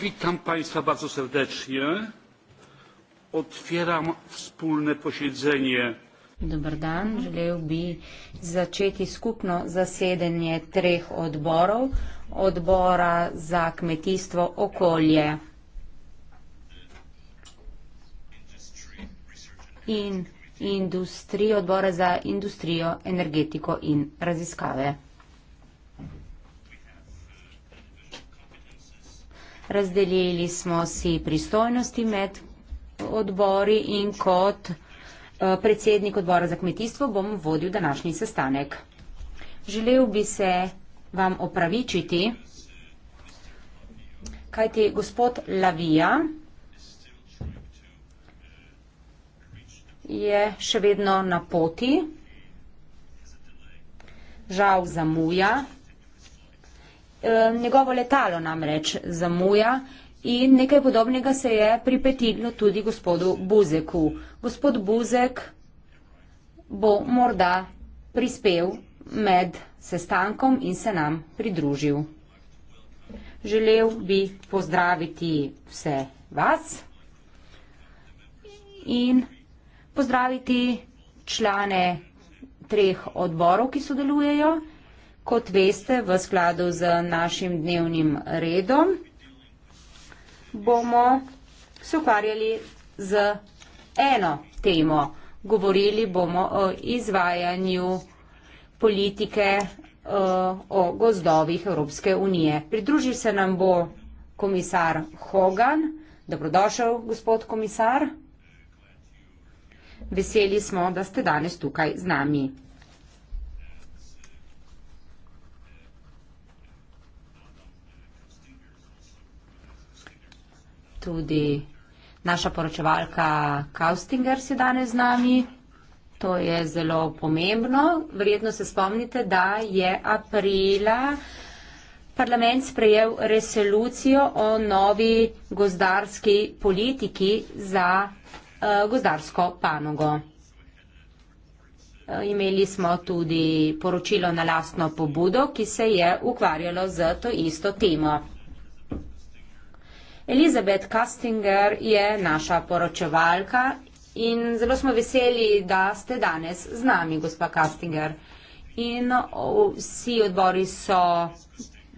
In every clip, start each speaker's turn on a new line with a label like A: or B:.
A: Witam Państwa bardzo serdecznie. Otwieram wspólne posiedzenie. Dobar dan. Želel bi začeti skupno zasedanje treh odborov. Odbora za kmetijstvo okolje in industrijo, odbora za industrijo, energetiko in raziskave. Razdelili smo si pristojnosti med odbori in kot eh, predsednik odbora za kmetijstvo bom vodil današnji sestanek. Želel bi se vam opravičiti, kajti gospod Lavija je še vedno na poti. Žal zamuja, Eh, njegovo letalo namreč zamuja in nekaj podobnega se je pripetilo tudi gospodu Buzeku. Gospod Buzek bo morda prispel med sestankom in se nam pridružil. Želel bi pozdraviti vse vas in pozdraviti člane treh odborov, ki sodelujejo. Kot veste, v skladu z našim dnevnim redom bomo se ukvarjali z eno temo. Govorili bomo o izvajanju politike eh, o gozdovih Evropske unije. Pridružil se nam bo komisar Hogan. Dobrodošel, gospod komisar. Veseli smo, da ste danes tukaj z nami. tudi naša poročevalka Kaustinger si danes z nami. To je zelo pomembno. Verjetno se spomnite, da je aprila parlament sprejel resolucijo o novi gozdarski politiki za uh, gozdarsko panogo. Uh, imeli smo tudi poročilo na lastno pobudo, ki se je ukvarjalo z to isto temo. Elizabeth Kastinger je naša poročevalka in zelo smo veseli, da ste danes z nami, gospa Kastinger. In vsi odbori so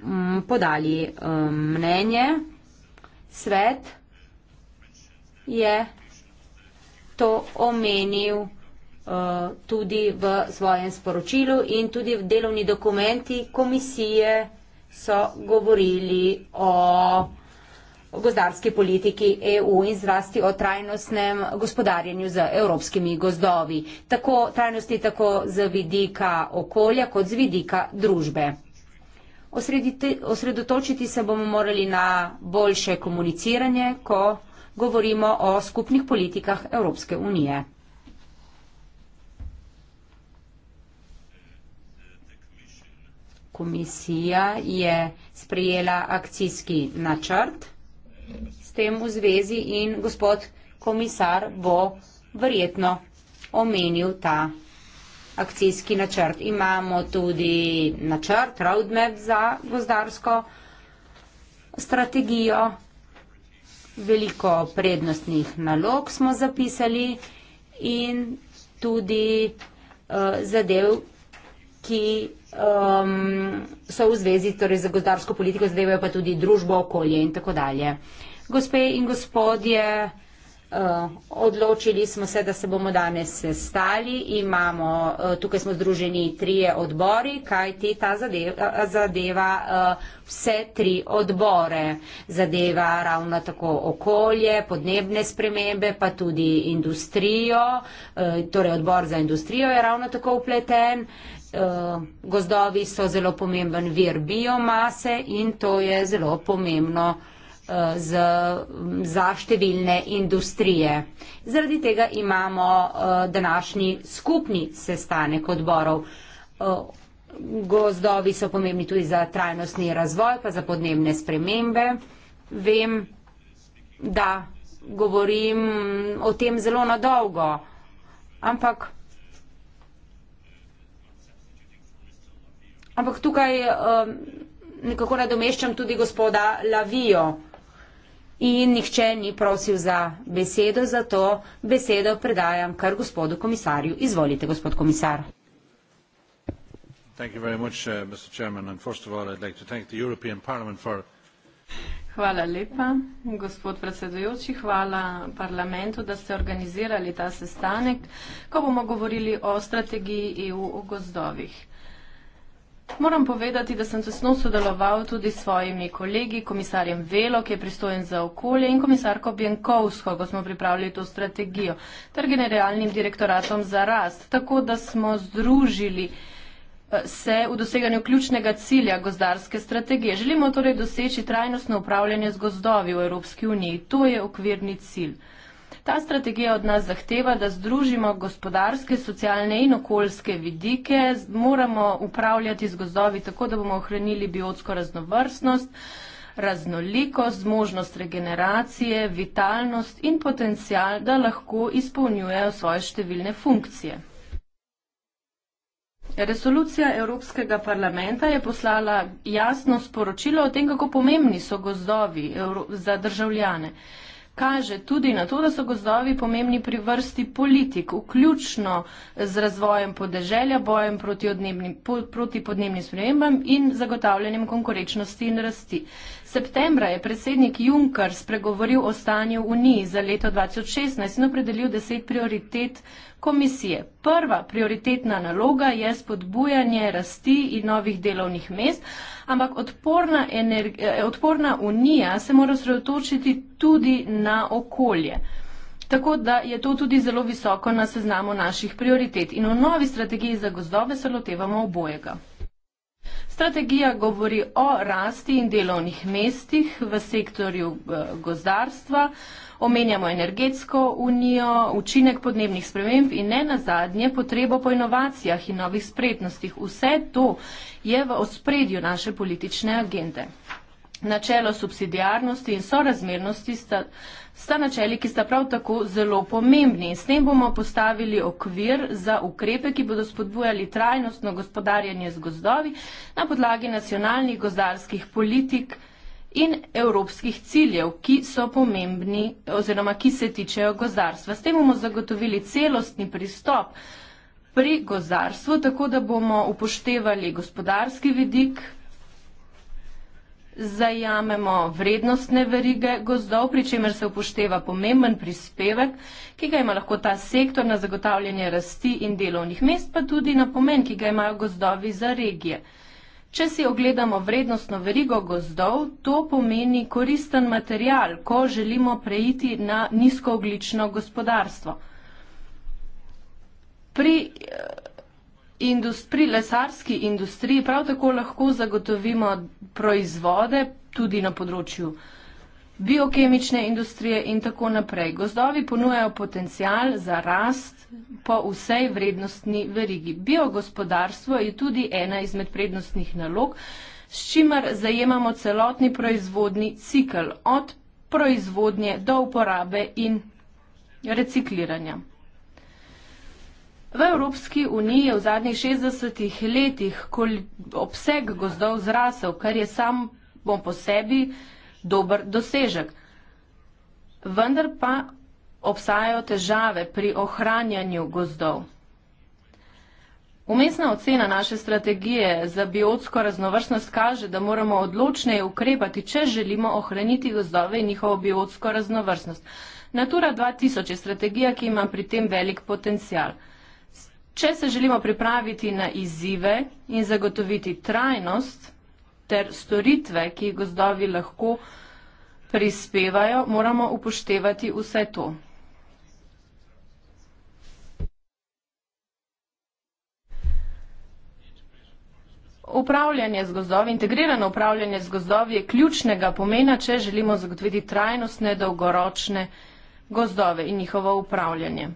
A: mm, podali eh, mnenje. Svet je to omenil eh, tudi v svojem sporočilu in tudi v delovni dokumenti komisije so govorili o gozdarski politiki EU in zrasti o trajnostnem gospodarjenju z evropskimi gozdovi. Tako trajnosti tako z vidika okolja kot z vidika družbe. Osredotočiti se bomo morali na boljše komuniciranje, ko govorimo o skupnih politikah Evropske unije. Komisija je sprejela akcijski načrt s tem v zvezi in gospod komisar bo verjetno omenil ta akcijski načrt. Imamo tudi načrt, roadmap za gozdarsko strategijo. Veliko prednostnih nalog smo zapisali in tudi uh, zadev, ki um, so v zvezi torej, z gozdarsko politiko, zadevajo pa tudi družbo, okolje in tako dalje. Gospe in gospodje, uh, odločili smo se, da se bomo danes sestali. Imamo, uh, tukaj smo združeni trije odbori, kaj ti ta zadeva, uh, zadeva uh, vse tri odbore. Zadeva ravno tako okolje, podnebne spremembe, pa tudi industrijo. Uh, torej odbor za industrijo je ravno tako upleten. Uh, Eh, gozdovi so zelo pomemben vir biomase in to je zelo pomembno eh, za, za številne industrije. Zaradi tega imamo eh, današnji skupni sestanek odborov. Gozdovi so pomembni tudi za trajnostni razvoj, pa za podnebne spremembe. Vem, da govorim o tem zelo nadolgo, ampak Ampak tukaj um, nekako nadomeščam tudi gospoda Lavijo. In nihče ni prosil za besedo, zato besedo predajam kar gospodu komisarju. Izvolite, gospod komisar.
B: Much, uh, all, like for...
C: Hvala lepa, gospod predsedujoči, hvala parlamentu, da ste organizirali ta sestanek, ko bomo govorili o strategiji EU o gozdovih. Moram povedati, da sem tesno sodeloval tudi s svojimi kolegi, komisarjem Velo, ki je pristojen za okolje, in komisarko Bjenkovsko, ko smo pripravili to strategijo, ter generalnim direktoratom za rast. Tako da smo združili eh, se v doseganju ključnega cilja gozdarske strategije. Želimo torej doseči trajnostno upravljanje z gozdovi v Evropski uniji. To je okvirni cilj. Ta strategija od nas zahteva, da združimo gospodarske, socialne in okoljske vidike. Moramo upravljati z gozdovi tako, da bomo ohranili biotsko raznovrstnost, raznolikost, možnost regeneracije, vitalnost in potencial, da lahko izpolnjujejo svoje številne funkcije. Resolucija Evropskega parlamenta je poslala jasno sporočilo o tem, kako pomembni so gozdovi za državljane kaže tudi na to, da so gozdovi pomembni pri vrsti politik, vključno z razvojem podeželja, bojem proti, po, proti podnebnim spremembam in zagotavljanjem konkurenčnosti in rasti. Septembra je predsednik Juncker spregovoril o stanju v Uniji za leto 2016 in opredelil deset prioritet komisije. Prva prioritetna naloga je spodbujanje rasti in novih delovnih mest, ampak odporna, eh, odporna Unija se mora sredotočiti tudi na okolje. Tako da je to tudi zelo visoko na seznamu naših prioritet in v novi strategiji za gozdove se lotevamo obojega. Strategija govori o rasti in delovnih mestih v sektorju eh, gozdarstva, omenjamo energetsko unijo, učinek podnebnih sprememb in ne nazadnje potrebo po inovacijah in novih spretnostih. Vse to je v ospredju naše politične agende. Načelo subsidijarnosti in sorazmernosti sta, sta načeli, ki sta prav tako zelo pomembni. S tem bomo postavili okvir za ukrepe, ki bodo spodbujali trajnostno gospodarjanje z gozdovi na podlagi nacionalnih gozdarskih politik in evropskih ciljev, ki so pomembni oziroma ki se tičejo gozdarstva. S tem bomo zagotovili celostni pristop pri gozdarstvu, tako da bomo upoštevali gospodarski vidik zajamemo vrednostne verige gozdov, pri čemer se upošteva pomemben prispevek, ki ga ima lahko ta sektor na zagotavljanje rasti in delovnih mest, pa tudi na pomen, ki ga imajo gozdovi za regije. Če si ogledamo vrednostno verigo gozdov, to pomeni koristen material, ko želimo preiti na nizkooglično gospodarstvo. Pri industri, pri lesarski industriji prav tako lahko zagotovimo proizvode tudi na področju biokemične industrije in tako naprej. Gozdovi ponujajo potencial za rast po vsej vrednostni verigi. Biogospodarstvo je tudi ena izmed prednostnih nalog, s čimer zajemamo celotni proizvodni cikl od proizvodnje do uporabe in recikliranja. V Evropski uniji je v zadnjih 60 letih obseg gozdov zrasel, kar je sam bom po sebi dober dosežek. Vendar pa obstajajo težave pri ohranjanju gozdov. Umestna ocena naše strategije za biotsko raznovrstnost kaže, da moramo odločneje ukrepati, če želimo ohraniti gozdove in njihovo biotsko raznovrstnost. Natura 2000 je strategija, ki ima pri tem velik potencial. Če se želimo pripraviti na izzive in zagotoviti trajnost ter storitve, ki jih gozdovi lahko prispevajo, moramo upoštevati vse to. Upravljanje z gozdovi, integrirano upravljanje z gozdovi je ključnega pomena, če želimo zagotoviti trajnostne, dolgoročne gozdove in njihovo upravljanje.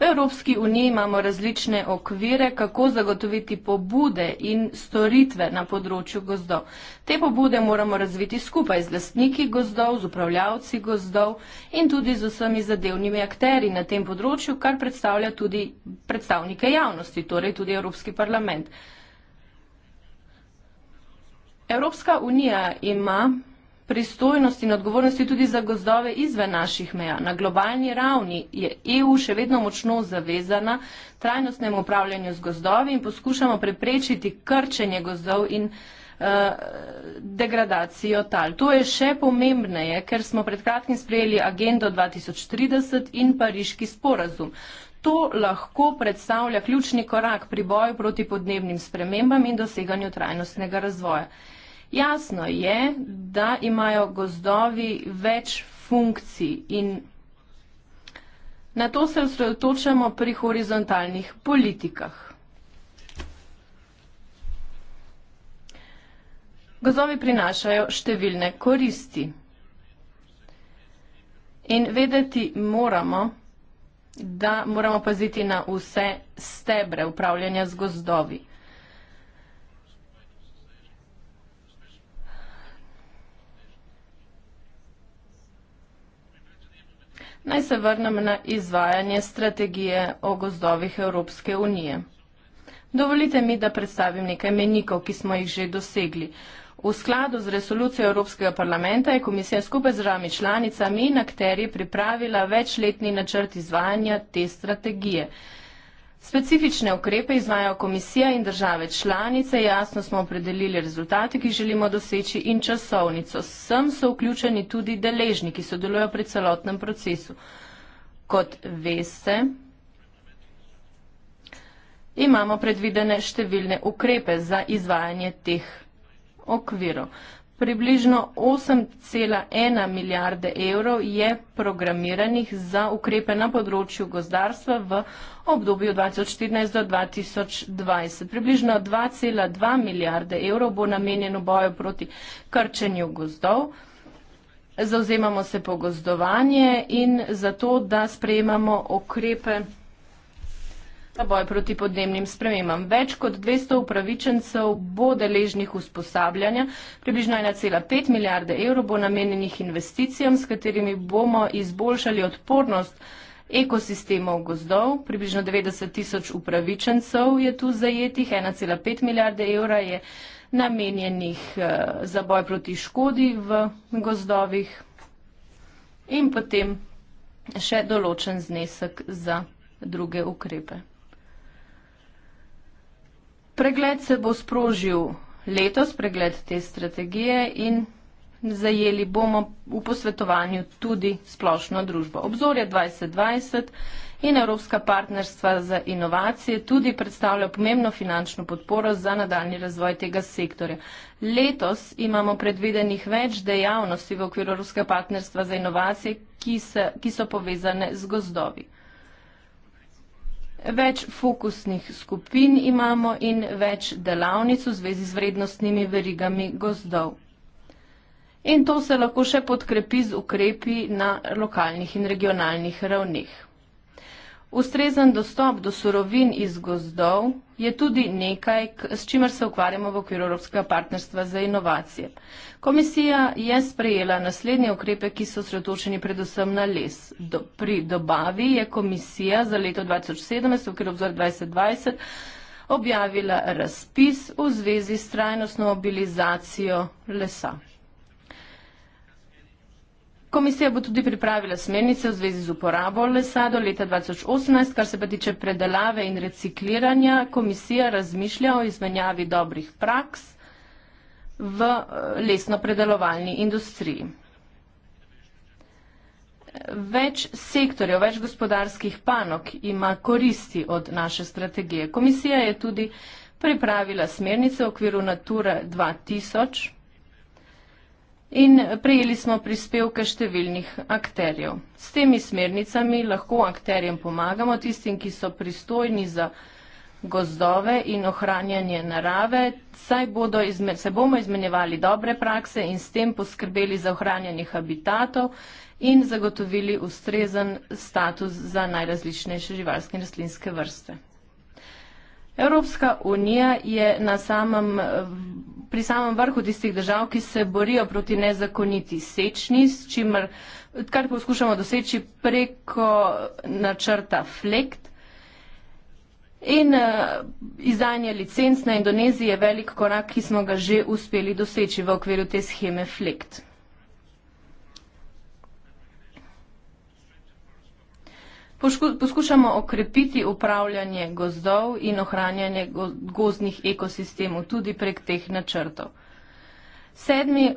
C: V Evropski uniji imamo različne okvire, kako zagotoviti pobude in storitve na področju gozdov. Te pobude moramo razviti skupaj z lastniki gozdov, z upravljavci gozdov in tudi z vsemi zadevnimi akteri na tem področju, kar predstavlja tudi predstavnike javnosti, torej tudi Evropski parlament. Evropska unija ima pristojnosti in odgovornosti tudi za gozdove izven naših meja. Na globalni ravni je EU še vedno močno zavezana trajnostnemu upravljanju z gozdovi in poskušamo preprečiti krčenje gozdov in eh, degradacijo tal. To je še pomembneje, ker smo pred kratkim sprejeli agendo 2030 in pariški sporazum. To lahko predstavlja ključni korak pri boju proti podnebnim spremembam in doseganju trajnostnega razvoja. Jasno je, da imajo gozdovi več funkcij in na to se osredotočamo pri horizontalnih politikah. Gozdovi prinašajo številne koristi in vedeti moramo, da moramo paziti na vse stebre upravljanja z gozdovi. Naj se vrnem na izvajanje strategije o gozdovih Evropske unije. Dovolite mi, da predstavim nekaj menikov, ki smo jih že dosegli. V skladu z resolucijo Evropskega parlamenta je komisija skupaj z rami članicami in akterji pripravila večletni načrt izvajanja te strategije. Specifične ukrepe izvajo komisija in države članice, jasno smo opredelili rezultate, ki želimo doseči in časovnico. Sem so vključeni tudi deležniki, sodelujo pri celotnem procesu. Kot veste, imamo predvidene številne ukrepe za izvajanje teh okvirov. Približno 8,1 milijarde evrov je programiranih za ukrepe na področju gozdarstva v obdobju 2014 do 2020. Približno 2,2 milijarde evrov bo namenjeno boju proti krčenju gozdov. Zauzemamo se pogozdovanje in zato, da sprejemamo okrepe za boj proti podnebnim spremembam. Več kot 200 upravičencev bo deležnih usposabljanja. Približno 1,5 milijarde evrov bo namenjenih investicijam, s katerimi bomo izboljšali odpornost ekosistemov gozdov. Približno 90 tisoč upravičencev je tu zajetih, 1,5 milijarde evra je namenjenih eh, za boj proti škodi v gozdovih in potem še določen znesek za druge ukrepe. Pregled se bo sprožil letos, pregled te strategije in zajeli bomo v posvetovanju tudi splošno družbo. Obzorje 2020 in Evropska partnerstva za inovacije tudi predstavlja pomembno finančno podporo za nadaljni razvoj tega sektorja. Letos imamo predvidenih več dejavnosti v okviru Evropskega partnerstva za inovacije, ki, se, ki so povezane z gozdovi. Več fokusnih skupin imamo in več delavnic v zvezi z vrednostnimi verigami gozdov. In to se lahko še podkrepi z ukrepi na lokalnih in regionalnih ravnih. Ustrezen dostop do surovin iz gozdov je tudi nekaj, s čimer se ukvarjamo v okviru Evropskega partnerstva za inovacije. Komisija je sprejela naslednje ukrepe, ki so sredočeni predvsem na les. Do, pri dobavi je komisija za leto 2017 v okviru obzor 2020 objavila razpis v zvezi s trajnostno mobilizacijo lesa. Komisija bo tudi pripravila smernice v zvezi z uporabo lesa do leta 2018, kar se pa tiče predelave in recikliranja. Komisija razmišlja o izmenjavi dobrih praks v eh, lesno-predelovalni industriji. Več sektorjev, več gospodarskih panok ima koristi od naše strategije. Komisija je tudi pripravila smernice v okviru Natura 2000 in prejeli smo prispevke številnih akterjev. S temi smernicami lahko akterjem pomagamo, tistim, ki so pristojni za gozdove in ohranjanje narave, saj bodo izme, se bomo izmenjevali dobre prakse in s tem poskrbeli za ohranjanje habitatov in zagotovili ustrezen status za najrazličnejše živalske in rastlinske vrste. Evropska unija je na samem pri samem vrhu tistih držav, ki se borijo proti nezakoniti sečni, s čimer, kar poskušamo doseči preko načrta FLEKT. In uh, izdanje licenc na Indoneziji je velik korak, ki smo ga že uspeli doseči v okviru te scheme FLEKT. poskušamo okrepiti upravljanje gozdov in ohranjanje gozdnih ekosistemov tudi prek teh načrtov. Sedmi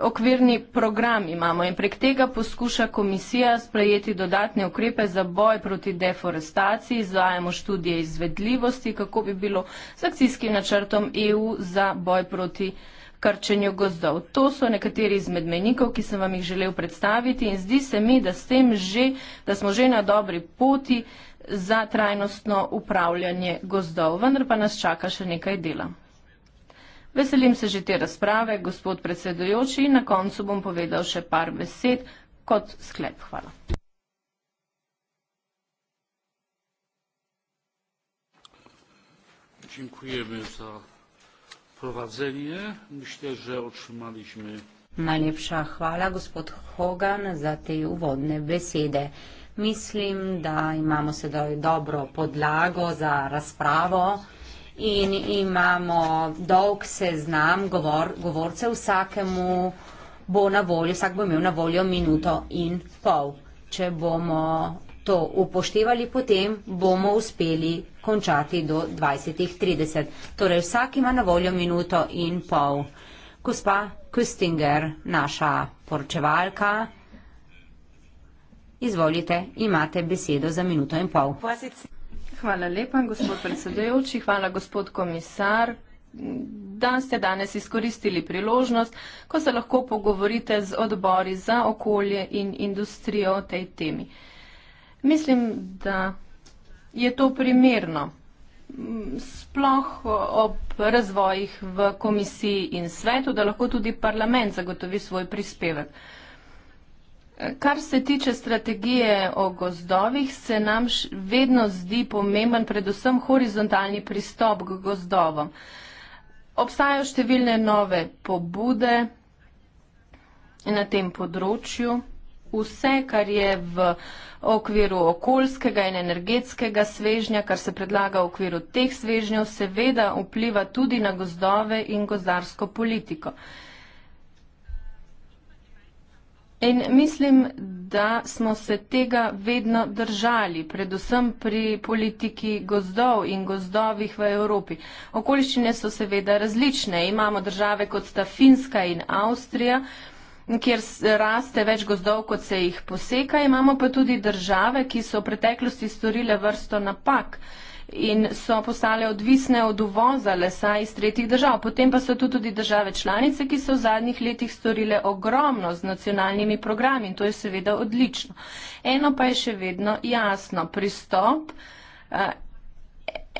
C: okvirni program imamo in prek tega poskuša komisija sprejeti dodatne ukrepe za boj proti deforestaciji, izvajamo študije izvedljivosti, kako bi bilo z akcijskim načrtom EU za boj proti deforestaciji krčenju gozdov. To so nekateri izmed menikov, ki sem vam jih želel predstaviti in zdi se mi, da, že, da smo že na dobri poti za trajnostno upravljanje gozdov, vendar pa nas čaka še nekaj dela. Veselim se že te razprave, gospod predsedujoči, in na koncu bom povedal še par besed kot sklep. Hvala.
B: Dziękujemy za wprowadzenie. Myślę, że otrzymaliśmy.
A: Najlepsza chwała, gospod Hogan, za te uwodne besede. Mislim, da imamo sedaj dobro podlago za razpravo in imamo dolg seznam govor, govorcev, vsakemu bo na voljo, vsak bo imel na voljo minuto in pol. Če bomo to upoštevali, potem bomo uspeli končati do 20.30. Torej vsak ima na voljo minuto in pol. Gospa Küstinger, naša poročevalka, izvolite, imate besedo za minuto in pol.
C: Hvala lepa, gospod predsedujoči, hvala gospod komisar, da ste danes izkoristili priložnost, ko se lahko pogovorite z odbori za okolje in industrijo o tej temi. Mislim, da je to primerno? Sploh ob razvojih v komisiji in svetu, da lahko tudi parlament zagotovi svoj prispevek. Kar se tiče strategije o gozdovih, se nam vedno zdi pomemben predvsem horizontalni pristop k gozdovom. Obstajajo številne nove pobude na tem področju vse, kar je v okviru okoljskega in energetskega svežnja, kar se predlaga v okviru teh svežnjev, seveda vpliva tudi na gozdove in gozdarsko politiko. In mislim, da smo se tega vedno držali, predvsem pri politiki gozdov in gozdovih v Evropi. Okoliščine so seveda različne. Imamo države kot sta Finska in Avstrija, kjer raste več gozdov, kot se jih poseka. Imamo pa tudi države, ki so v preteklosti storile vrsto napak in so postale odvisne od uvoza lesa iz tretjih držav. Potem pa so tu tudi države članice, ki so v zadnjih letih storile ogromno z nacionalnimi programi in to je seveda odlično. Eno pa je še vedno jasno. Pristop. Eh,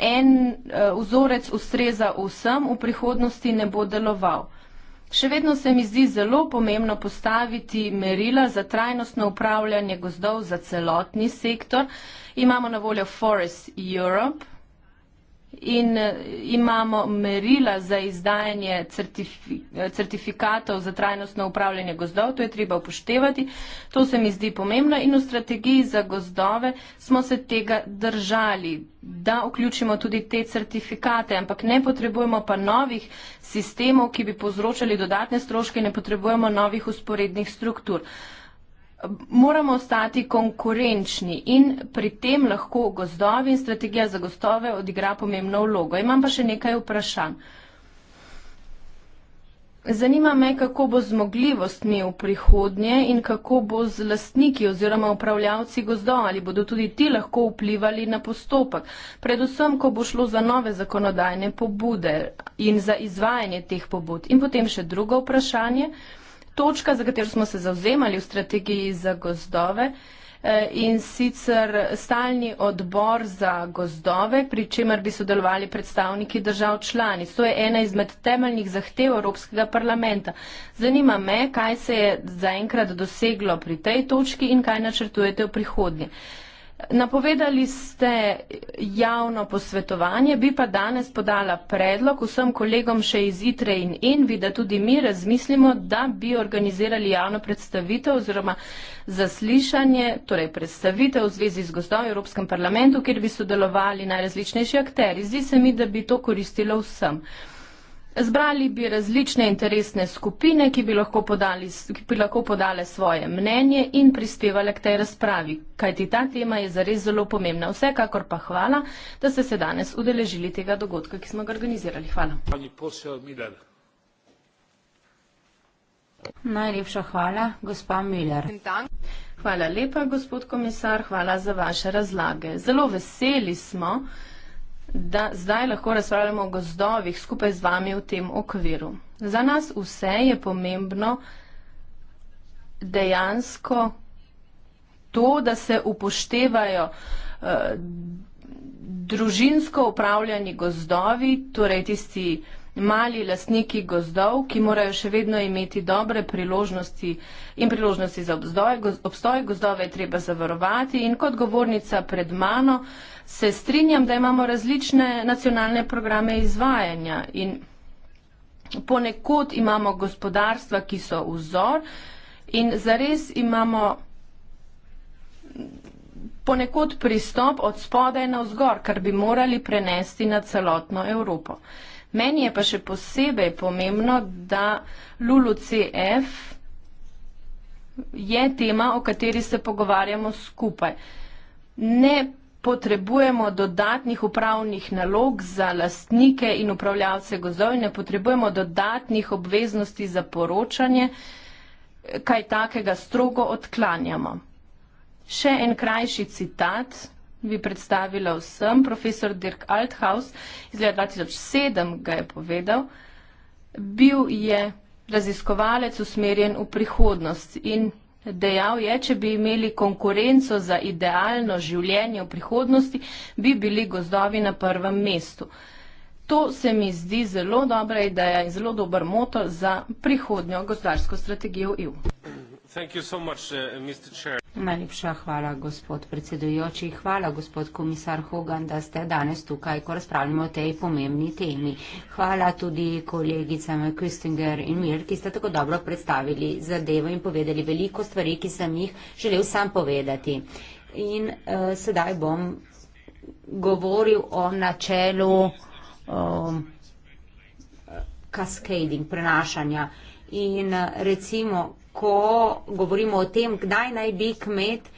C: en eh, vzorec ustreza vsem, v prihodnosti ne bo deloval. Še vedno se mi zdi zelo pomembno postaviti merila za trajnostno upravljanje gozdov za celotni sektor. Imamo na voljo Forest Europe, in eh, imamo merila za izdajanje certifikatov za trajnostno upravljanje gozdov. To je treba upoštevati. To se mi zdi pomembno in v strategiji za gozdove smo se tega držali, da vključimo tudi te certifikate, ampak ne potrebujemo pa novih sistemov, ki bi povzročali dodatne stroške, ne potrebujemo novih usporednih struktur moramo ostati konkurenčni in pri tem lahko gozdovi in strategija za gozdove odigra pomembno vlogo. Imam pa še nekaj vprašanj. Zanima me, kako bo zmogljivostni v prihodnje in kako bo z lastniki oziroma upravljavci gozdo, ali bodo tudi ti lahko vplivali na postopek, predvsem, ko bo šlo za nove zakonodajne pobude in za izvajanje teh pobud. In potem še drugo vprašanje točka, za katero smo se zauzemali v strategiji za gozdove eh, in sicer stalni odbor za gozdove, pri čemer bi sodelovali predstavniki držav člani. To je ena izmed temeljnih zahtev Evropskega parlamenta. Zanima me, kaj se je zaenkrat doseglo pri tej točki in kaj načrtujete v prihodnje. Napovedali ste javno posvetovanje, bi pa danes podala predlog vsem kolegom še iz ITRE in ENVI, da tudi mi razmislimo, da bi organizirali javno predstavitev oziroma zaslišanje, torej predstavitev v zvezi z gozdovi v Evropskem parlamentu, kjer bi sodelovali najrazličnejši akteri. Zdi se mi, da bi to koristilo vsem. Zbrali bi različne interesne skupine, ki bi lahko, podali, ki bi lahko podale svoje mnenje in prispevale k tej razpravi, kajti ta tema je zares zelo pomembna. Vsekakor pa hvala, da ste se danes udeležili tega dogodka, ki smo ga organizirali. Hvala. Najlepša hvala, gospa Miller. Hvala lepa, gospod komisar, hvala za vaše razlage. Zelo veseli smo, da zdaj lahko razpravljamo o gozdovih skupaj z vami v tem okviru. Za nas vse je pomembno dejansko to, da se upoštevajo eh, družinsko upravljanje gozdovi, torej tisti, eh, mali lastniki gozdov, ki morajo še vedno imeti dobre priložnosti in priložnosti za obzdoj, obstoj. Gozdove je treba zavarovati in kot govornica pred mano se strinjam, da imamo različne nacionalne programe izvajanja in ponekod imamo gospodarstva, ki so vzor in zares imamo ponekod pristop od spodaj na vzgor, kar bi morali prenesti na celotno Evropo. Meni je pa še posebej pomembno, da Lulu CF je tema, o kateri se pogovarjamo skupaj. Ne potrebujemo dodatnih upravnih nalog za lastnike in upravljavce gozdov, ne potrebujemo dodatnih obveznosti za poročanje, kaj takega strogo odklanjamo. Še en krajši citat bi predstavila vsem. Profesor Dirk Althaus iz leta 2007 ga je povedal. Bil je raziskovalec usmerjen v prihodnost in dejal je, če bi imeli konkurenco za idealno življenje v prihodnosti, bi bili gozdovi na prvem mestu. To se mi zdi zelo dobra ideja in zelo dober moto za prihodnjo gospodarsko strategijo EU. Uh, Najlepša hvala, gospod predsedujoči.
A: Hvala, gospod komisar Hogan, da ste danes tukaj, ko razpravljamo o tej pomembni temi. Hvala tudi kolegicam Kristinger in Mir, ki ste tako dobro predstavili zadevo in povedali veliko stvari, ki sem jih želel sam povedati. In uh, sedaj bom govoril o načelu um, cascading, prenašanja. In uh, recimo, ko govorimo o tem, kdaj naj bi kmet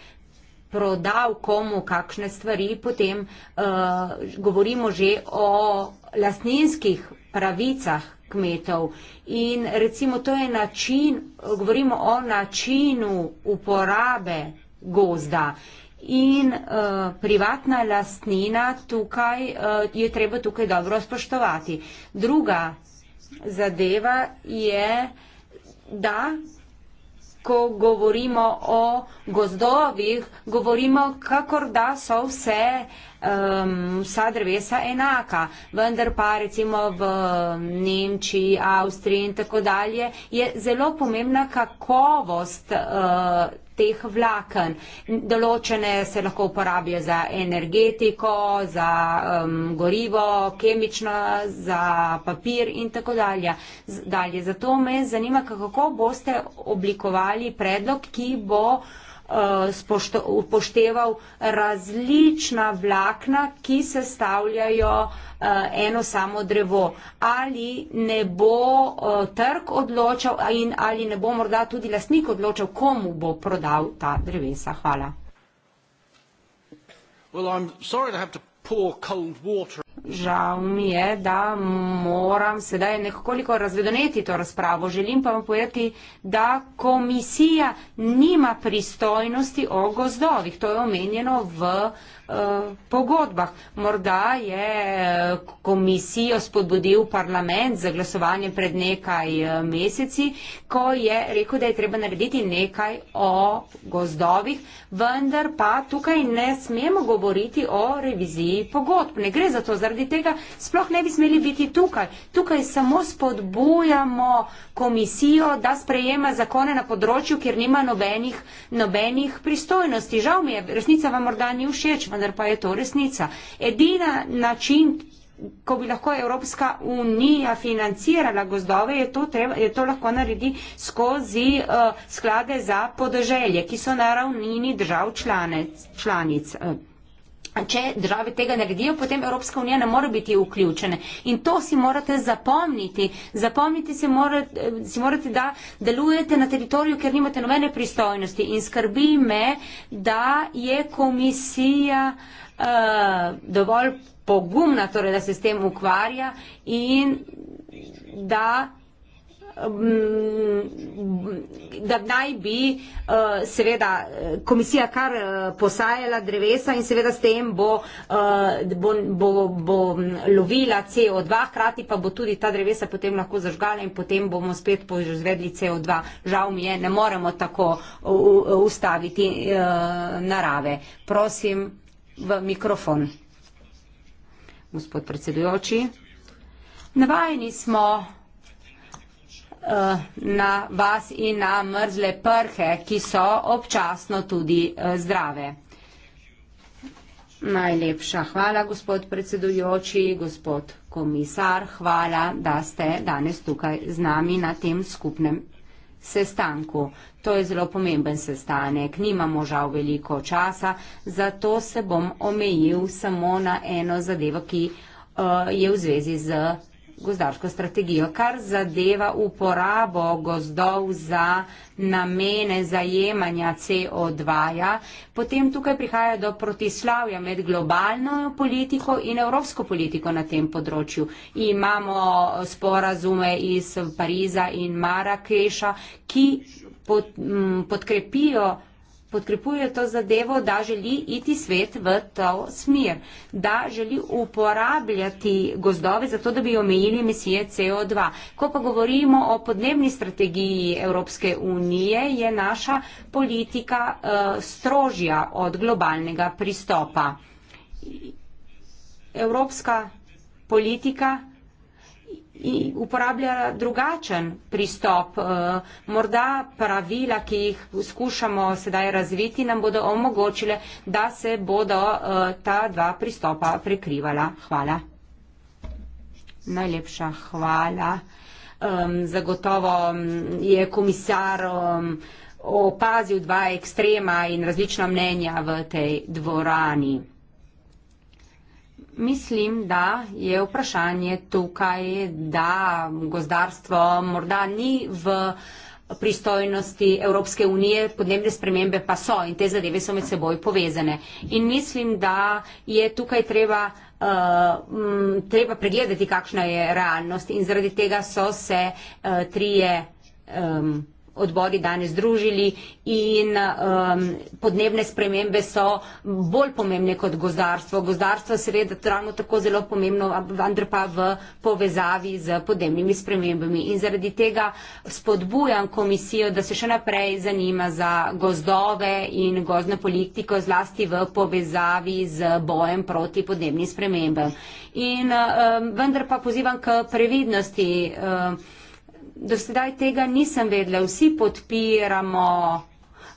A: prodal komu kakšne stvari, potem uh, govorimo že o lastninskih pravicah kmetov. In recimo to je način, govorimo o načinu uporabe gozda. In uh, privatna lastnina tukaj uh, je treba tukaj dobro spoštovati. Druga zadeva je, da ko govorimo o gozdovih, govorimo, kakor da so vse, um, vsa drevesa enaka. Vendar pa recimo v Nemčiji, Avstriji in tako dalje je zelo pomembna kakovost. Uh, teh vlaken. Določene se lahko uporabijo za energetiko, za um, gorivo, kemično, za papir in tako dalje. Z, dalje. Zato me zanima, kako boste oblikovali predlog, ki bo uh, Eh, upošteval različna vlakna, ki sestavljajo eh, eno samo drevo. Ali ne bo eh, trg odločal in ali ne bo morda tudi lastnik odločal, komu bo prodal ta drevesa. Hvala. Well, Žal mi je, da moram sedaj nekoliko razvedoneti to razpravo. Želim pa vam povedati, da komisija nima pristojnosti o gozdovih. To je omenjeno v uh, pogodbah. Morda je eh, komisijo spodbudil parlament za glasovanje pred nekaj eh, meseci, ko je rekel, da je treba narediti nekaj o gozdovih, vendar pa tukaj ne smemo govoriti o reviziji pogodb. Ne gre za to. Za zaradi tega sploh ne bi smeli biti tukaj. Tukaj samo spodbujamo komisijo, da sprejema zakone na področju, kjer nima nobenih, nobenih pristojnosti. Žal mi je, resnica vam morda ni všeč, vendar pa je to resnica. Edina način, ko bi lahko Evropska unija financirala gozdove, je to, treba, je to lahko naredi skozi uh, sklade za podeželje, ki so na ravnini držav članic. Uh. Če države tega naredijo, potem Evropska unija ne more biti vključena. In to si morate zapomniti. Zapomniti si morate, si morate, da delujete na teritoriju, ker nimate nobene pristojnosti. In skrbi me, da je komisija uh, dovolj pogumna, torej, da se s tem ukvarja in da da naj bi eh, seveda komisija kar eh, posajala drevesa in seveda s tem bo, eh, bo, bo, bo lovila CO2, hkrati pa bo tudi ta drevesa potem lahko zažgala in potem bomo spet požvedli CO2. Žal mi je, ne moremo tako ustaviti narave. Prosim v mikrofon. Gospod predsedujoči, navajeni smo Eh, na vas in na mrzle prhe, ki so občasno tudi eh, zdrave. Najlepša hvala, gospod predsedujoči, gospod komisar, hvala, da ste danes tukaj z nami na tem skupnem sestanku. To je zelo pomemben sestanek, nimamo žal veliko časa, zato se bom omejil samo na eno zadevo, ki uh, je v zvezi z gozdarsko strategijo, kar zadeva uporabo gozdov za namene zajemanja CO2-ja, potem tukaj prihaja do protislavja med globalno politiko in evropsko politiko na tem področju. Imamo sporazume iz Pariza in Marakeša, ki podkrepijo podkrepuje to zadevo, da želi iti svet v to smer, da želi uporabljati gozdove za to, da bi omejili emisije CO2. Ko pa govorimo o podnebni strategiji Evropske unije, je naša politika uh, strožja od globalnega pristopa. Evropska politika uporablja drugačen pristop. Eh, morda pravila, ki jih skušamo sedaj razviti, nam bodo omogočile, da se bodo eh, ta dva pristopa prekrivala. Hvala. Najlepša hvala. Zagotovo je komisar opazil dva ekstrema in različna mnenja v tej dvorani mislim, da je vprašanje tukaj, da gozdarstvo morda ni v pristojnosti Evropske unije, podnebne spremembe pa so in te zadeve so med seboj povezane. In mislim, da je tukaj treba, uh, m, treba pregledati, kakšna je realnost in zaradi tega so se uh, trije. Um, odbori danes družili in um, podnebne spremembe so bolj pomembne kot gozdarstvo. Gozdarstvo je seveda ravno tako zelo pomembno, vendar pa v povezavi z podnebnimi spremembami. In zaradi tega spodbujam komisijo, da se še naprej zanima za gozdove in gozdno politiko, zlasti v povezavi z bojem proti podnebnim spremembam. In um, vendar pa pozivam k previdnosti. Um, do sedaj tega nisem vedela. Vsi podpiramo uh,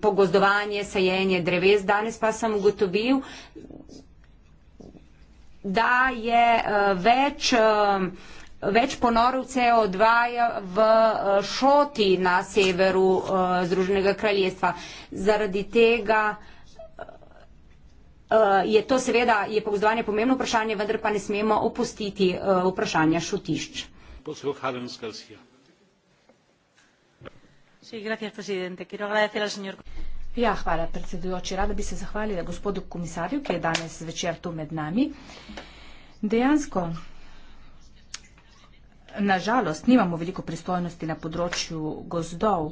A: pogozdovanje, sajenje dreves, danes pa sem ugotovil, da je uh, več. Uh, Več ponorov CO2 je v šoti na severu uh, Združenega kraljestva. Zaradi tega uh, je to seveda, je pogozdovanje pomembno vprašanje, vendar pa ne smemo opustiti uh, vprašanja šotišča.
B: Ja, hvala, predsedujoči. Rada bi se zahvalila gospodu komisarju, ki je danes zvečer tu med nami. Dejansko, na žalost, nimamo veliko pristojnosti na področju gozdov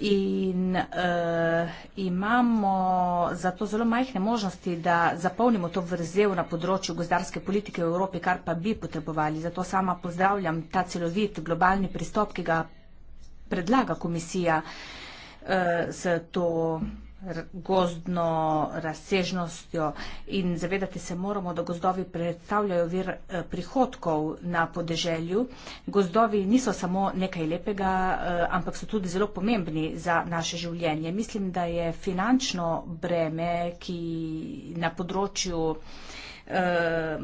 B: in uh, imamo zato zelo majhne možnosti, da zapolnimo to vrzel na področju gozdarske politike v Evropi, kar pa bi potrebovali. Zato sama pozdravljam ta celovit globalni pristop, ki ga predlaga komisija uh, s to gozdno razsežnostjo in zavedati se moramo, da gozdovi predstavljajo vir eh, prihodkov na podeželju. Gozdovi niso samo nekaj lepega, eh, ampak so tudi zelo pomembni za naše življenje. Mislim, da je finančno breme, ki na področju eh,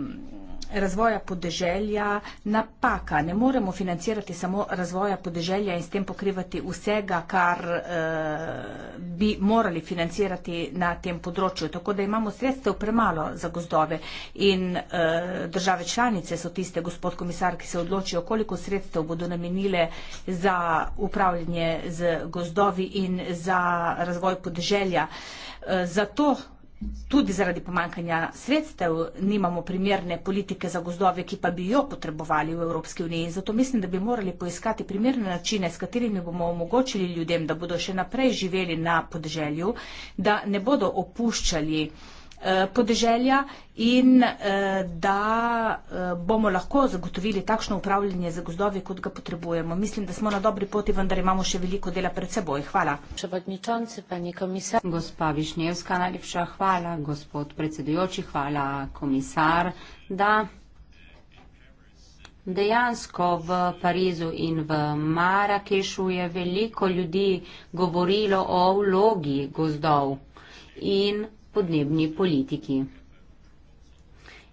B: razvoja podeželja napaka. Ne moremo financirati samo razvoja podeželja in s tem pokrivati vsega, kar eh, bi morali financirati na tem področju. Tako da imamo sredstev premalo za gozdove in eh, države članice so tiste, gospod komisar, ki se odločijo, koliko sredstev bodo namenile za upravljanje z gozdovi in za razvoj podeželja. Eh, zato tudi zaradi pomankanja sredstev nimamo primerne politike za gozdove, ki pa bi jo potrebovali v Evropski uniji. Zato mislim, da bi morali poiskati primerne načine, s katerimi bomo omogočili ljudem, da bodo še naprej živeli na podeželju, da ne bodo opuščali Eh, podeželja in eh, da eh, bomo lahko zagotovili takšno upravljanje za gozdovi, kot ga potrebujemo. Mislim, da smo na dobri poti, vendar imamo
A: še veliko dela pred seboj. Hvala. Gospa Višnjevska, najlepša hvala, gospod predsedujoči, hvala, komisar, da dejansko v Parizu in v Marakešu je veliko ljudi govorilo o vlogi gozdov in podnebni politiki.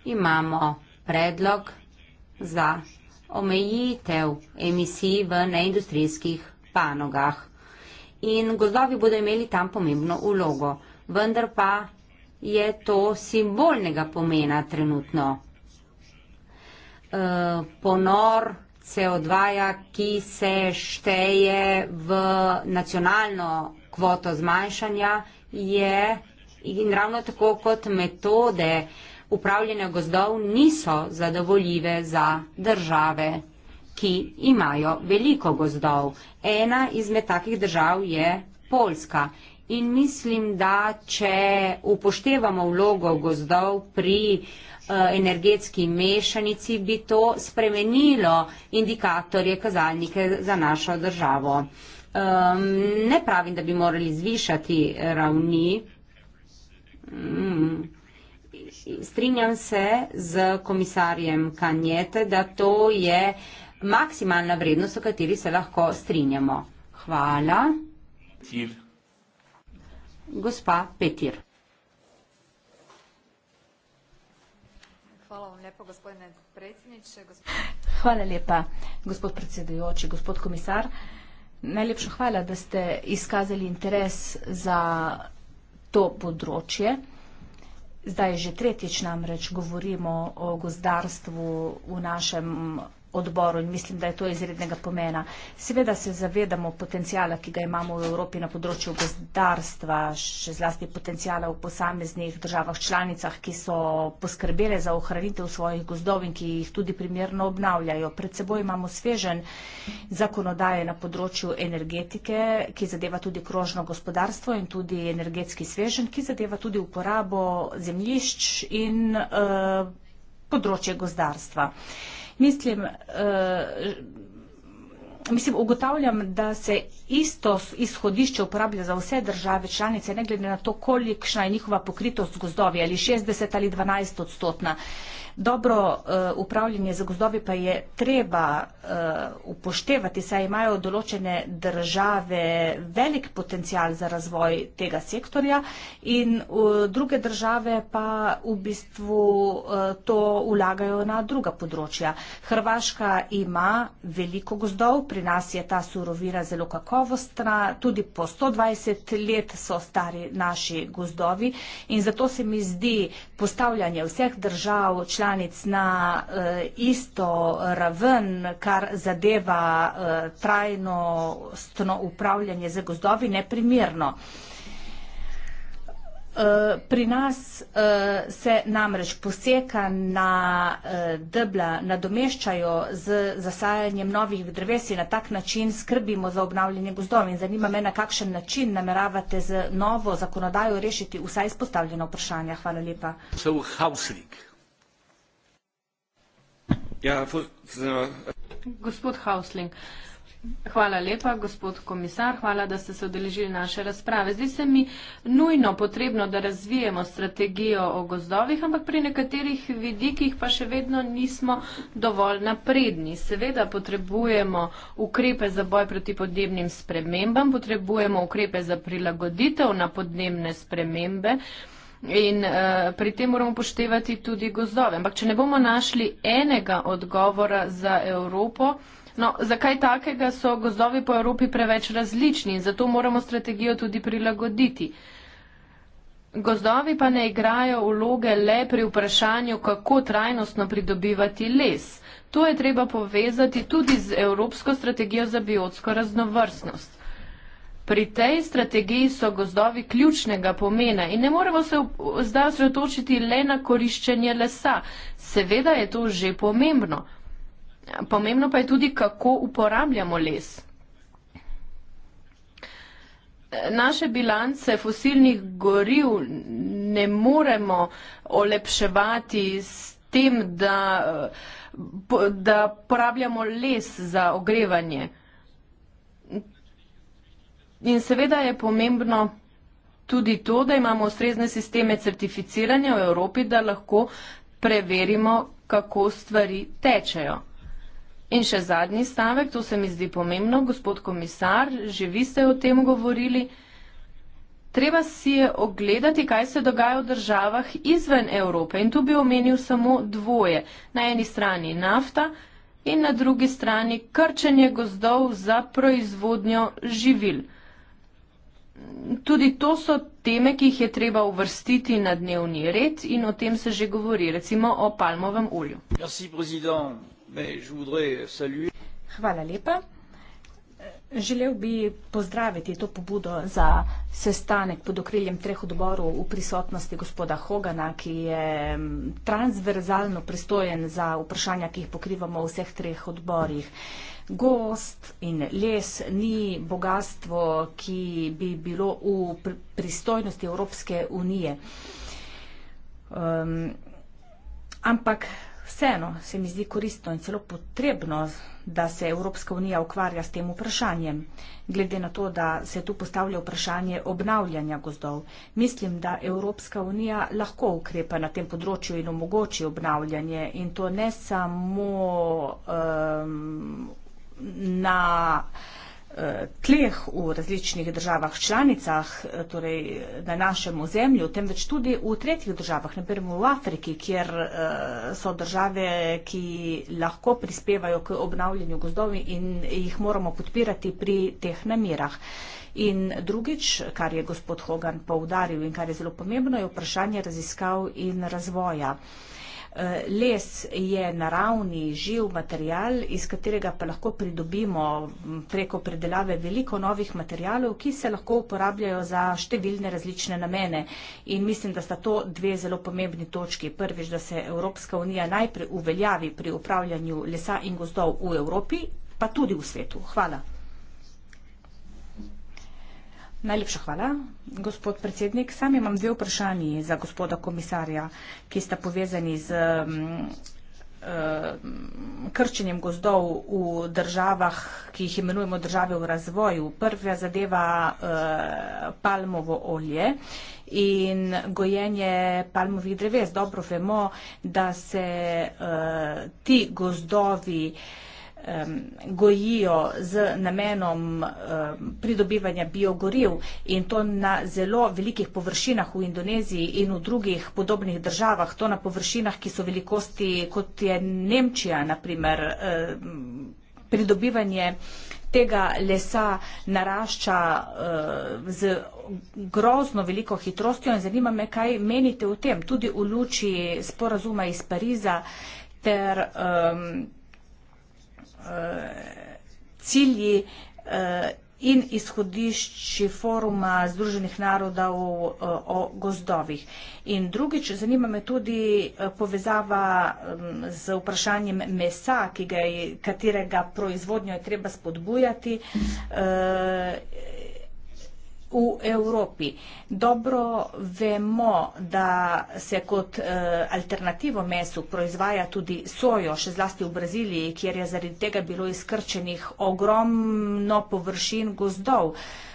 A: Imamo predlog za omejitev emisij v neindustrijskih panogah. In gozdovi bodo imeli tam pomembno ulogo, vendar pa je to simbolnega pomena trenutno. E, ponor CO2, ja, ki se šteje v nacionalno kvoto zmanjšanja, je In ravno tako kot metode upravljanja gozdov niso zadovoljive za države, ki imajo veliko gozdov. Ena izmed takih držav je Poljska. In mislim, da če upoštevamo vlogo gozdov pri eh, energetski mešanici, bi to spremenilo indikatorje, kazalnike za našo državo. Ehm, ne pravim, da bi morali zvišati ravni Mm. Strinjam se z komisarjem Kanjete, da to je maksimalna vrednost, o kateri se lahko strinjamo. Hvala. Petir. Gospa Petir.
B: Hvala vam lepo, gospodine predsjedniče. Gospod... Hvala lepa, gospod predsedujoči, gospod komisar. Najlepša hvala, da ste izkazali interes za to področje. Zdaj že tretjič namreč govorimo o gozdarstvu v našem odboru in mislim, da je to izrednega pomena. Seveda se zavedamo potencijala, ki ga imamo v Evropi na področju gozdarstva, še zlasti potencijala v posameznih državah članicah, ki so poskrbele za ohranitev svojih gozdov in ki jih tudi primerno obnavljajo. Pred seboj imamo svežen zakonodaje na področju energetike, ki zadeva tudi krožno gospodarstvo in tudi energetski svežen, ki zadeva tudi uporabo zemljišč in uh, področje gozdarstva mislim, uh, mislim, ugotavljam, da se isto izhodišče uporablja za vse države članice, ne glede na to, kolikšna je njihova pokritost gozdovi, ali 60 ali 12 odstotna. Uh, dobro uh, upravljanje z gozdovi pa je treba uh, upoštevati, saj imajo določene države velik potencial za razvoj tega sektorja in uh, druge države pa v bistvu uh, to ulagajo na druga področja. Hrvaška ima veliko gozdov, pri nas je ta surovina zelo kakovostna, tudi po 120 let so stari naši gozdovi in zato se mi zdi postavljanje vseh držav, članic na eh, isto raven, kar zadeva eh, trajno stno upravljanje za gozdovi, neprimerno. Eh, pri nas se namreč poseka na debla, nadomeščajo z zasajanjem novih dreves in na tak način skrbimo za obnavljanje gozdov. In zanima me, na kakšen način nameravate z novo zakonodajo rešiti vsaj izpostavljeno vprašanje. Hvala lepa.
C: So, Ja, gospod Hausling, hvala lepa, gospod komisar, hvala, da ste se odeležili naše razprave. Zdi se mi nujno potrebno, da razvijemo strategijo o gozdovih, ampak pri nekaterih vidikih pa še vedno nismo dovolj napredni. Seveda potrebujemo ukrepe za boj proti podnebnim spremembam, potrebujemo ukrepe za prilagoditev na podnebne spremembe. In uh, pri tem moramo poštevati tudi gozdove. Ampak, če ne bomo našli enega odgovora za Evropo, no, zakaj takega so gozdovi po Evropi preveč različni in zato moramo strategijo tudi prilagoditi. Gozdovi pa ne igrajo vloge le pri vprašanju, kako trajnostno pridobivati les. To je treba povezati tudi z Evropsko strategijo za biotsko raznovrstnost. Pri tej strategiji so gozdovi ključnega pomena in ne moremo se zdaj osredotočiti le na koriščenje lesa. Seveda je to že pomembno. Pomembno pa je tudi, kako uporabljamo les. Naše bilance fosilnih goriv ne moremo olepševati s tem, da, da porabljamo les za ogrevanje. In seveda je pomembno tudi to, da imamo ustrezne sisteme certificiranja v Evropi, da lahko preverimo, kako stvari tečejo. In še zadnji stavek, to se mi zdi pomembno, gospod komisar, že vi ste o tem govorili. Treba si je ogledati, kaj se dogaja v državah izven Evrope. In tu bi omenil samo dvoje. Na eni strani nafta in na drugi strani krčenje gozdov za proizvodnjo živil. Tudi to so teme, ki jih je treba uvrstiti na dnevni red in o tem se že govori, recimo o palmovem olju. Hvala lepa. Želel bi
B: pozdraviti to pobudo za sestanek pod okriljem treh odborov v prisotnosti gospoda Hogana, ki je transverzalno pristojen za vprašanja, ki jih pokrivamo v vseh treh odborih gost in les ni bogatstvo, ki bi bilo v pristojnosti Evropske unije. Um, ampak vseeno se mi zdi koristno in celo potrebno, da se Evropska unija ukvarja s tem vprašanjem, glede na to, da se tu postavlja vprašanje obnavljanja gozdov. Mislim, da Evropska unija lahko ukrepa na tem področju in omogoči obnavljanje in to ne samo um, na eh, tleh v različnih državah članicah, eh, torej na našem ozemlju, temveč tudi v tretjih državah, na primer v Afriki, kjer eh, so države, ki lahko prispevajo k obnavljanju gozdov in jih moramo podpirati pri teh namerah. In drugič, kar je gospod Hogan poudaril in kar je zelo pomembno, je vprašanje raziskav in razvoja. Eh, les je naravni živ material, iz katerega pa lahko pridobimo preko predelave veliko novih materijalov, ki se lahko uporabljajo za številne različne namene. In mislim, da sta to dve zelo pomembni točki. Prvič, da se Evropska unija najprej uveljavi pri upravljanju lesa in gozdov v Evropi, pa tudi v svetu. Hvala. Najlepša hvala, gospod predsednik. Sam imam dve vprašanji za gospoda komisarja, ki sta povezani z mm, eh, krčenjem gozdov v državah, ki jih imenujemo države v razvoju. Prva zadeva eh, palmovo olje in gojenje palmovih dreves. Dobro vemo, da se eh, ti gozdovi gojijo z namenom pridobivanja biogoriv in to na zelo velikih površinah v Indoneziji in v drugih podobnih državah, to na površinah, ki so velikosti kot je Nemčija, naprimer, pridobivanje tega lesa narašča z grozno veliko hitrostjo in zanima me, kaj menite o tem, tudi v luči sporazuma iz Pariza ter pridobivanja Eh, cilji eh, in izhodišči foruma Združenih narodov eh, o gozdovih. In drugič, zanima me tudi povezava mm, z vprašanjem mesa, katerega proizvodnjo je treba spodbujati v Evropi. Dobro vemo, da se kot eh, alternativo mesu proizvaja tudi sojo, še zlasti v Braziliji, kjer je zaradi tega bilo izkrčenih ogromno površin gozdov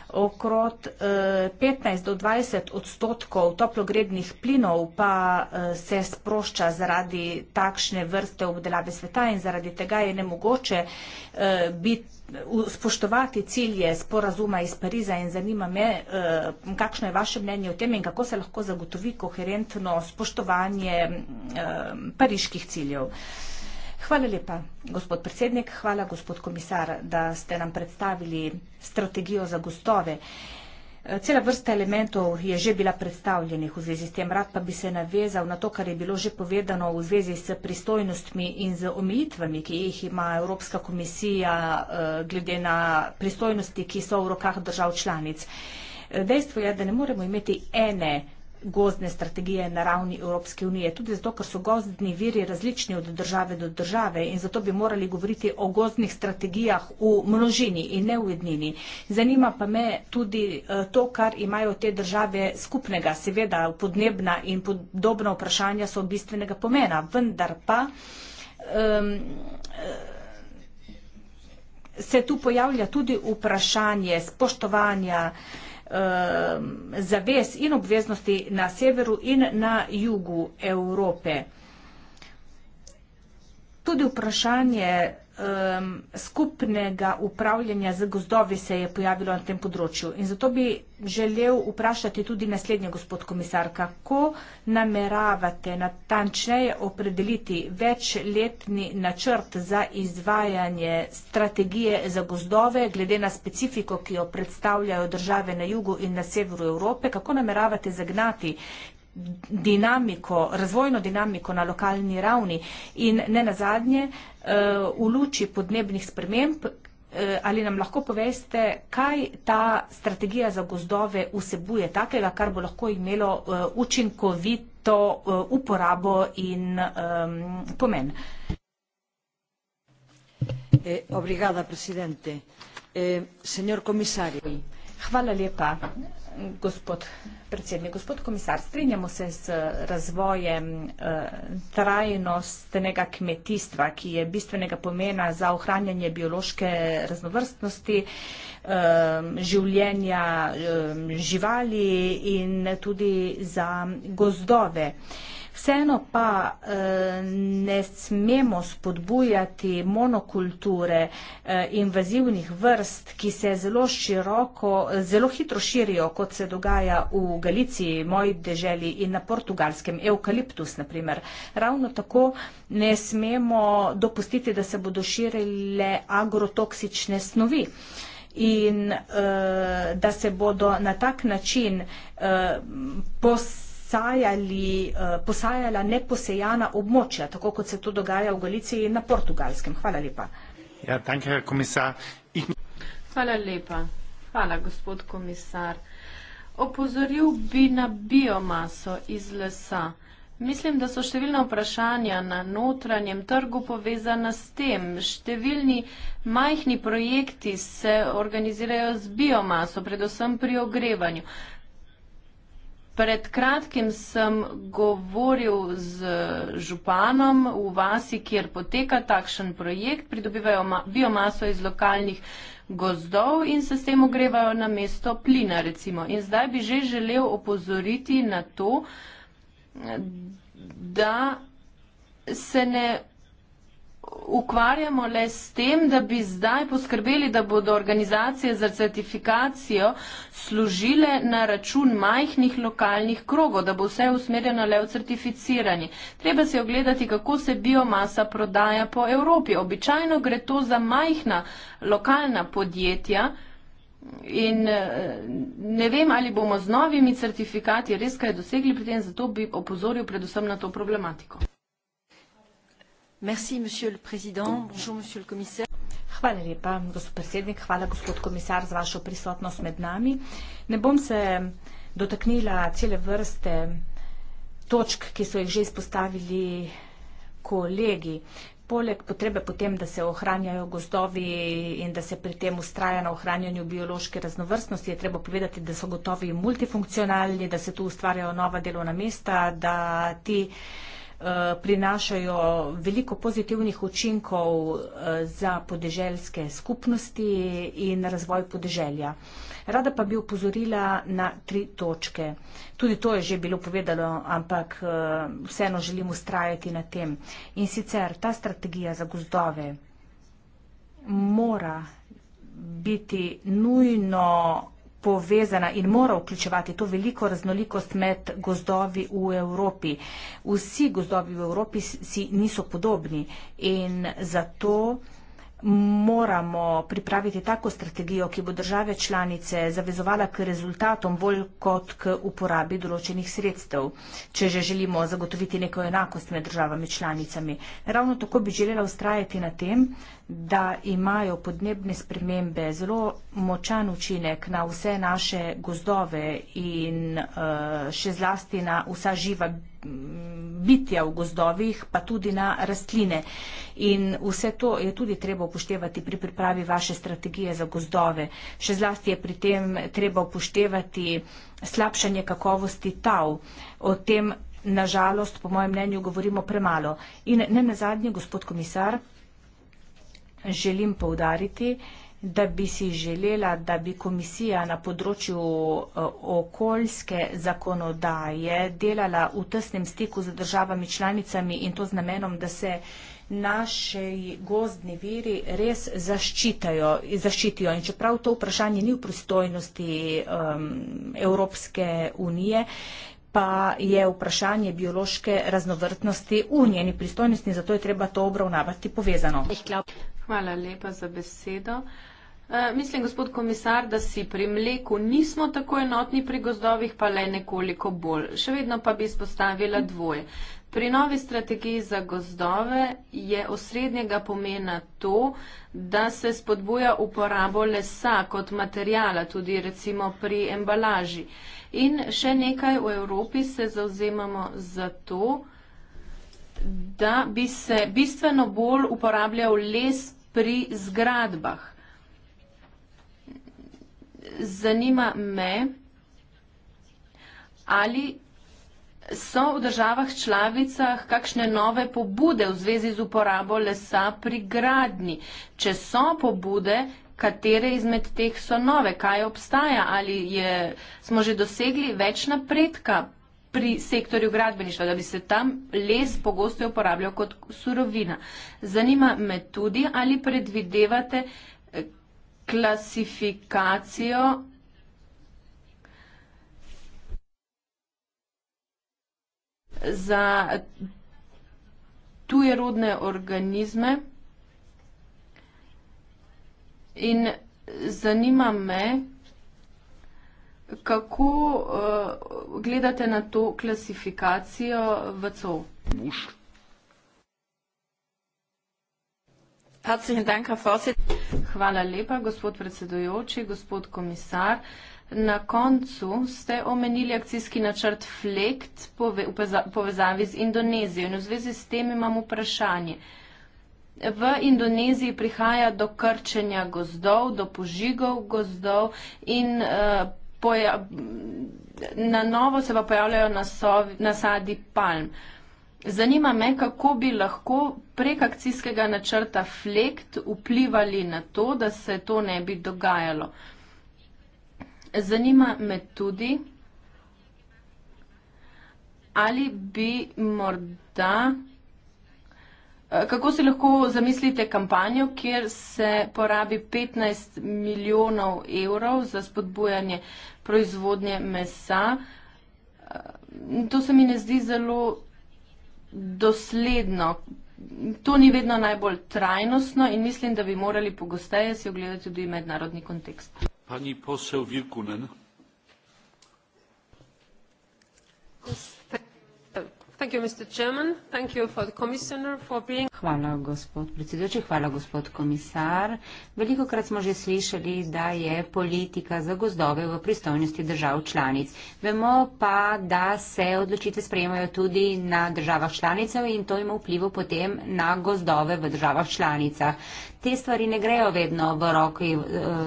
B: okrog 15 eh, do 20 odstotkov toplogrednih plinov pa eh, se sprošča zaradi takšne vrste obdelave sveta in zaradi tega je nemogoče eh, biti spoštovati cilje sporazuma iz Pariza in zanima me, kakšno je vaše mnenje o tem in kako se lahko zagotovi koherentno spoštovanje pariških ciljev. Hvala lepa, gospod predsednik. Hvala, gospod komisar, da ste nam predstavili strategijo za gostove. Cela vrsta elementov je že bila predstavljenih v zvezi s tem. Rad pa bi se navezal na to, kar je bilo že povedano v zvezi s pristojnostmi in z omejitvami, ki jih ima Evropska komisija eh, glede na pristojnosti, ki so v rokah držav članic. Dejstvo je, da ne moremo imeti ene gozdne strategije na ravni Evropske unije. Tudi zato, ker so gozdni viri različni od države do države in zato bi morali govoriti o gozdnih strategijah v množini in ne v jednini. Zanima pa me tudi eh, to, kar imajo te države skupnega. Seveda, podnebna in podobna vprašanja so bistvenega pomena, vendar pa. Um, se tu pojavlja tudi vprašanje spoštovanja Um, zaves in obveznosti na severu in na jugu Evrope. Tudi vprašanje um, skupnega upravljanja z gozdovi se je pojavilo na tem področju. In zato bi želel vprašati tudi naslednje, gospod komisar, kako nameravate natančneje opredeliti večletni načrt za izvajanje strategije za gozdove, glede na specifiko, ki jo predstavljajo države na jugu in na severu Evrope, kako nameravate zagnati dinamiko, razvojno dinamiko na lokalni ravni in ne nazadnje eh, v luči podnebnih sprememb, eh, ali nam lahko poveste, kaj ta strategija za gozdove vsebuje takega, kar bo lahko imelo eh, učinkovito uporabo in ehm, pomen? Obrigada, presidente. Senjor komisarij. Hvala lepa, gospod komisar predsednik, gospod komisar, strinjamo se z razvojem eh, trajnostnega kmetijstva, ki je bistvenega pomena za ohranjanje biološke raznovrstnosti, eh, življenja eh, živali in tudi za gozdove. Eh, Vseeno pa eh, ne smemo spodbujati monokulture, eh, invazivnih vrst, ki se zelo široko, zelo hitro širijo, kot se dogaja v Galiciji, moji deželi in na portugalskem, eukaliptus naprimer. Ravno tako ne smemo dopustiti, da se bodo širile agrotoksične snovi in eh, da se bodo na tak način posebej posajali, eh, posajala neposejana območja, tako kot se to dogaja v Galiciji in na Portugalskem.
C: Hvala lepa. Ja, danke, komisar. Ich... Hvala lepa. Hvala, gospod komisar. Opozoril bi na biomaso iz lesa. Mislim, da so številna vprašanja na notranjem trgu povezana s tem. Številni majhni projekti se organizirajo z biomaso, predvsem pri ogrevanju. Pred kratkim sem govoril z županom v vasi, kjer poteka takšen projekt, pridobivajo biomaso iz lokalnih gozdov in se s tem ogrevajo na mesto plina, recimo. In zdaj bi že želel opozoriti na to, da se ne ukvarjamo le s tem, da bi zdaj poskrbeli, da bodo organizacije za certifikacijo služile na račun majhnih lokalnih krogov, da bo vse usmerjeno le v certificiranje. Treba se ogledati, kako se biomasa prodaja po Evropi. Običajno gre to za majhna lokalna podjetja. In eh, ne vem, ali bomo z novimi certifikati res kaj dosegli pri tem, zato bi opozoril predvsem na to problematiko. Merci, monsieur le président. Bonjour, monsieur le commissaire. Hvala lepa, gospod predsednik. Hvala, gospod komisar, za vašo prisotnost
B: med nami. Ne bom se dotaknila cele vrste točk, ki so jih že izpostavili kolegi. Poleg potrebe potem, da se ohranjajo gozdovi in da se pri tem ustraja na ohranjanju biološke raznovrstnosti, je treba povedati, da so gotovi multifunkcionalni, da se tu ustvarjajo nova delovna mesta, da ti Eh, prinašajo veliko pozitivnih učinkov eh, za podeželske skupnosti in razvoj podeželja. Rada pa bi upozorila na tri točke. Tudi to je že bilo povedalo, ampak eh, vseeno želim ustrajati na tem. In sicer ta strategija za gozdove mora biti nujno povezana in mora vključevati to veliko raznolikost med gozdovi v Evropi. Vsi gozdovi v Evropi si niso podobni in zato moramo pripraviti tako strategijo, ki bo države članice zavezovala k rezultatom bolj kot k uporabi določenih sredstev, če že želimo zagotoviti neko enakost med državami članicami. Ravno tako bi želela ustrajati na tem, da imajo podnebne spremembe zelo močan učinek na vse naše gozdove in eh, še zlasti na vsa živa bitja v gozdovih, pa tudi na rastline. In vse to je tudi treba upoštevati pri pripravi vaše strategije za gozdove. Še zlasti je pri tem treba upoštevati slabšanje kakovosti tav. O tem, nažalost, po mojem mnenju, govorimo premalo. In ne na zadnje, gospod komisar, želim poudariti, da da bi si želela, da bi komisija na področju e, okoljske zakonodaje delala v tesnem stiku z državami članicami in to z namenom, da se naše gozdni viri res zaščitijo. In čeprav to vprašanje ni v pristojnosti um, Evropske unije, pa je vprašanje biološke raznovrtnosti v njeni pristojnosti, zato je treba to obravnavati povezano.
C: Hvala lepa za besedo. E, mislim, gospod komisar, da si pri mleku nismo tako enotni pri gozdovih, pa le nekoliko bolj. Še vedno pa bi izpostavila dvoje. Pri novi strategiji za gozdove je osrednjega pomena to, da se spodbuja uporabo lesa kot materijala, tudi recimo pri embalaži. In še nekaj v Evropi se zauzemamo za to, da bi se bistveno bolj uporabljal les pri zgradbah. Zanima me, ali So v državah članicah kakšne nove pobude v zvezi z uporabo lesa pri gradni? Če so pobude, katere izmed teh so nove, kaj obstaja ali je, smo že dosegli več napredka pri sektorju gradbeništva, da bi se tam les pogosto uporabljal kot surovina. Zanima me tudi, ali predvidevate eh, klasifikacijo za tujerodne organizme. In zanima me, kako uh, gledate na to klasifikacijo VCO? Buš. Hvala lepa, gospod predsedujoči, gospod komisar. Uh, Na koncu ste omenili akcijski načrt FLEKT v povezavi z Indonezijo in v zvezi s tem imam vprašanje. V Indoneziji prihaja do krčenja gozdov, do požigov gozdov in eh, na novo se pa pojavljajo nasadi palm. Zanima me, kako bi lahko prek akcijskega načrta FLEKT vplivali na to, da se to ne bi dogajalo. Zanima me tudi, ali bi morda, eh, kako si lahko zamislite kampanjo, kjer se porabi 15 milijonov evrov za spodbujanje proizvodnje mesa. Eh, to se mi ne zdi zelo dosledno. To ni vedno najbolj trajnostno in mislim, da bi morali pogosteje si ogledati tudi mednarodni kontekst thank you mr president thank you to the commissioner for
A: being here today. Hvala, gospod predsedujoči, hvala, gospod komisar. Veliko krat smo že slišali, da je politika za gozdove v pristojnosti držav članic. Vemo pa, da se odločitve sprejemajo tudi na državah članicev in to ima vplivo potem na gozdove v državah članicah. Te stvari ne grejo vedno v roki,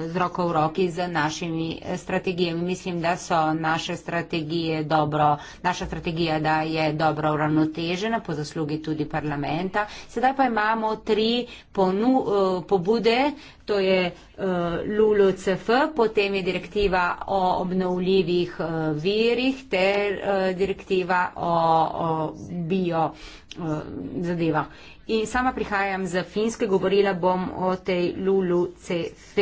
A: z roko v roki z našimi strategijami. Mislim, da so naše strategije dobro, naša strategija, da je dobro uravnotežena po zaslugi tudi parlamenta. Sedaj zdaj pa imamo tri ponu, uh, pobude, to je uh, eh, LULUCF, potem je direktiva o obnovljivih uh, virih ter uh, direktiva o, o bio. Uh, Eh, zadevah. In sama prihajam z Finske, govorila bom o tej Lulu CF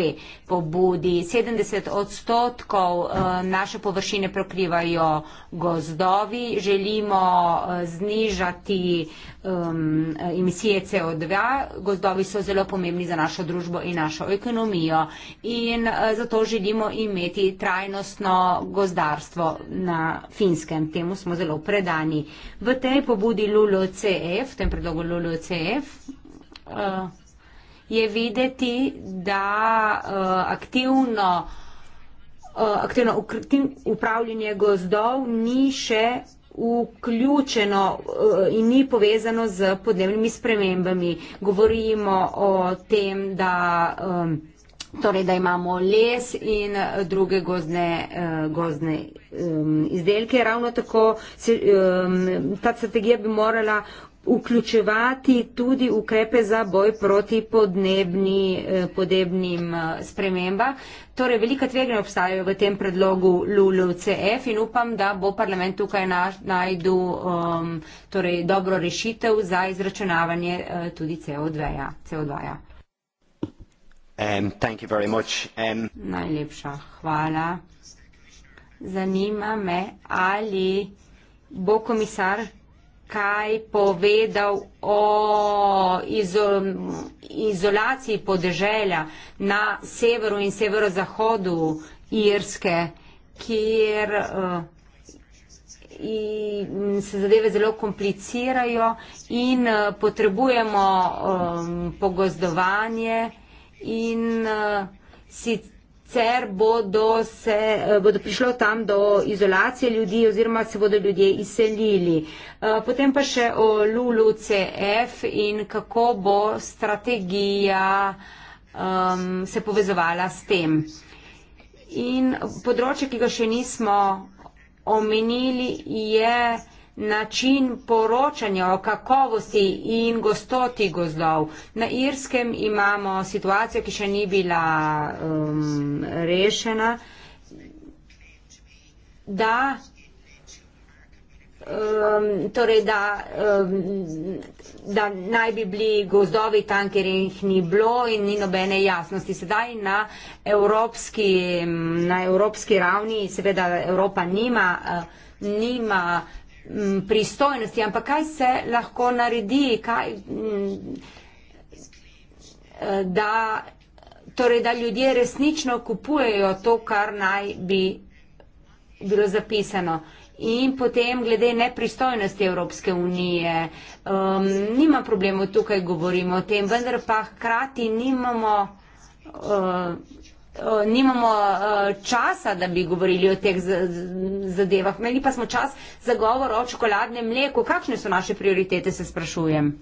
A: pobudi. 70 odstotkov eh, naše površine prokrivajo gozdovi, želimo eh, znižati um, emisije CO2, gozdovi so zelo pomembni za našo družbo in našo ekonomijo in zato želimo imeti trajnostno gozdarstvo na Finskem. Temu smo zelo predani. V tej pobudi Lulu CF LULCF, v tem predlogu LULCF, uh, eh, je videti, da uh, aktivno, uh, aktivno upravljanje gozdov ni še vključeno uh, in ni povezano z podnebnimi spremembami. Govorimo o tem, da. Um, torej da imamo les in eh, druge gozdne, eh, gozdne um, izdelke. Ravno tako se, um, ta strategija bi morala vključevati tudi ukrepe za boj proti podnebni, eh, podnebnim spremembam. Torej, velika tveganja obstajajo v tem predlogu LULUCF in upam, da bo parlament tukaj na, najdu um, torej, dobro rešitev za izračunavanje uh, tudi CO2. -ja, CO2 -ja.
C: Um, um, Najlepša
A: hvala. Zanima me, ali bo komisar kaj povedal o izo, izolaciji podeželja na severu in severozahodu Irske, kjer uh, in se zadeve zelo komplicirajo in uh, potrebujemo um, pogozdovanje in uh, sicer bodo, se, uh, bodo prišlo tam do izolacije ljudi oziroma se bodo ljudje izselili. Uh, potem pa še o Lulu CF in kako bo strategija um, se povezovala s tem. In področje, ki ga še nismo omenili, je način poročanja o kakovosti in gostoti gozdov. Na Irskem imamo situacijo, ki še ni bila um, rešena, da, um, torej da, um, da naj bi bili gozdovi tam, kjer jih ni bilo in ni nobene jasnosti. Sedaj na evropski, na evropski ravni seveda Evropa nima. Uh, nima pristojnosti, ampak kaj se lahko naredi, kaj, eh, da, torej, da ljudje resnično kupujejo to, kar naj bi bilo zapisano. In potem glede nepristojnosti Evropske unije, um, nima problemov tukaj govorimo o tem, vendar pa hkrati nimamo uh, nimamo časa, da bi govorili o teh zadevah. Imeli pa smo čas za govor o čokoladnem mleku. Kakšne so naše prioritete, se sprašujem?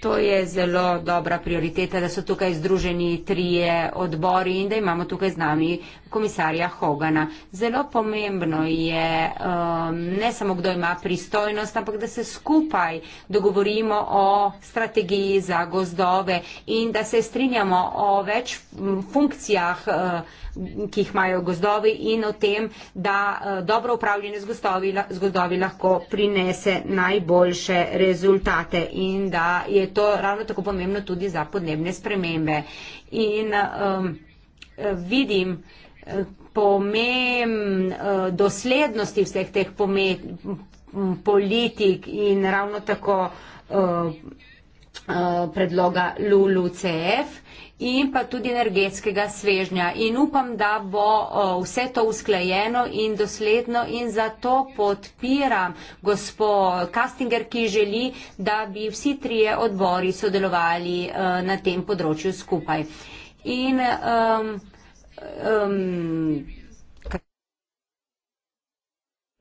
A: To je zelo dobra prioriteta, da so tukaj združeni trije odbori in da imamo tukaj z nami komisarja Hogana. Zelo pomembno je um, ne samo, kdo ima pristojnost, ampak da se skupaj dogovorimo o strategiji za gozdove in da se strinjamo o več funkcijah. Uh, ki jih imajo gozdovi in o tem, da eh, dobro upravljanje z gozdovi, z gozdovi lahko prinese najboljše rezultate in da je to ravno tako pomembno tudi za podnebne spremembe. In um, vidim eh, pomem eh, doslednosti vseh teh pomet, politik in ravno tako um, Eh, predloga LULUCF in pa tudi energetskega svežnja. In upam, da bo eh, vse to usklajeno in dosledno in zato podpiram gospo Kastinger, ki želi, da bi vsi trije odbori sodelovali eh, na tem področju skupaj. In um, um,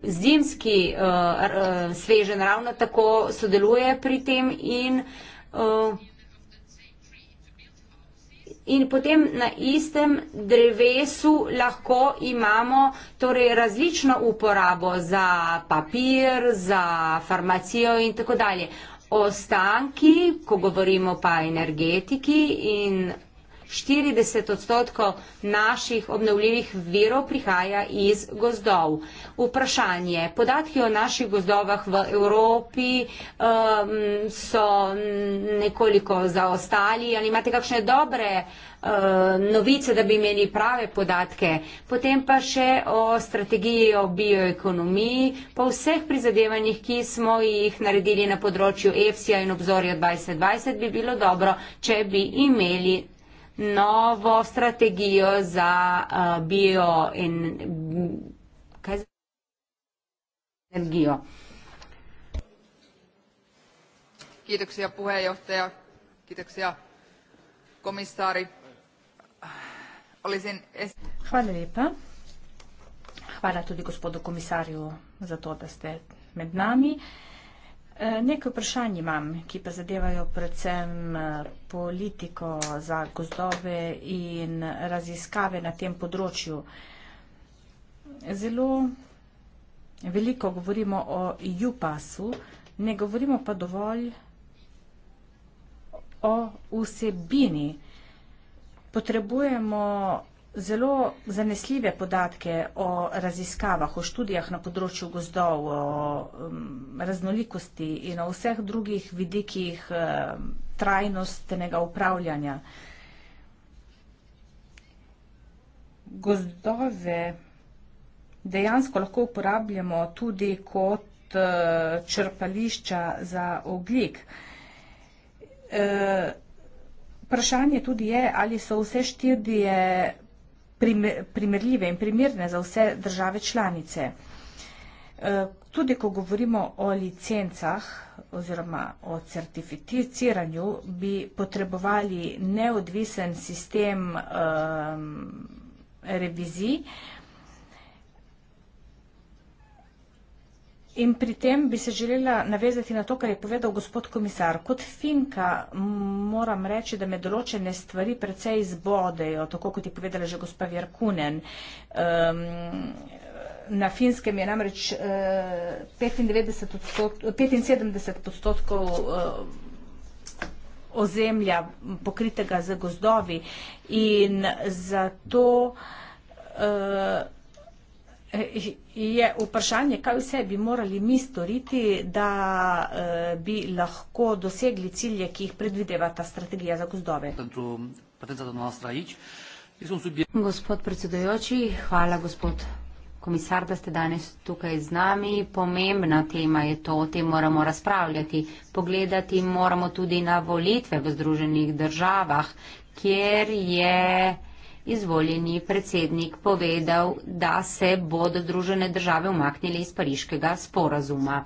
A: Zimski uh, uh, svežen ravno tako sodeluje pri tem in uh, Uh, in potem na istem drevesu lahko imamo torej različno uporabo za papir, za farmacijo in tako dalje. Ostanki, ko govorimo pa energetiki in 40 odstotkov naših obnovljivih virov prihaja iz gozdov. Vprašanje. Podatki o naših gozdovah v Evropi um, so nekoliko zaostali. Ali imate kakšne dobre uh, novice, da bi imeli prave podatke? Potem pa še o strategiji o bioekonomiji, po vseh prizadevanjih, ki smo jih naredili na področju EFSI-ja in obzorja 2020, bi bilo dobro, če bi imeli novo strategijo za uh, bio in kaj za energijo.
B: Kiitoksia puheenjohtaja, kiitoksia komissaari. Olisin es... Hvala lepa. Hvala tudi gospodu komisarju za to, da ste med nami. Uh, Eh, Neko vprašanje imam, ki pa zadevajo predvsem eh, politiko za gozdove in raziskave na tem področju. Zelo veliko govorimo o jupasu, ne govorimo pa dovolj o vsebini. Potrebujemo zelo zanesljive podatke o raziskavah, o študijah na področju gozdov, o um, raznolikosti in o vseh drugih vidikih um, trajnostnega upravljanja. Gozdove dejansko lahko uporabljamo tudi kot uh, črpališča za oglik. Uh, vprašanje tudi je, ali so vse študije primerljive in primerne za vse države članice. E, tudi ko govorimo o licencah oziroma o certificiranju, bi potrebovali neodvisen sistem um, revizij, uh, In pri tem bi se želela navezati na to, kar je povedal gospod komisar. Kot finka moram reči, da me določene stvari precej izbodejo, tako kot je povedala že gospa Vjerkunen. Um, na finskem je namreč uh, eh, 95 odstotkov, 75 odstotkov uh, ozemlja pokritega z gozdovi in zato uh, Eh, je vprašanje, kaj vse bi morali mi storiti, da eh, bi lahko
A: dosegli cilje, ki jih predvideva ta strategija za gozdove. Gospod predsedojoči, hvala gospod komisar, da ste danes tukaj z nami. Pomembna tema je to, o tem moramo razpravljati. Pogledati moramo tudi na volitve v Združenih državah, kjer je izvoljeni predsednik povedal, da se bodo družene države umaknili iz pariškega sporazuma.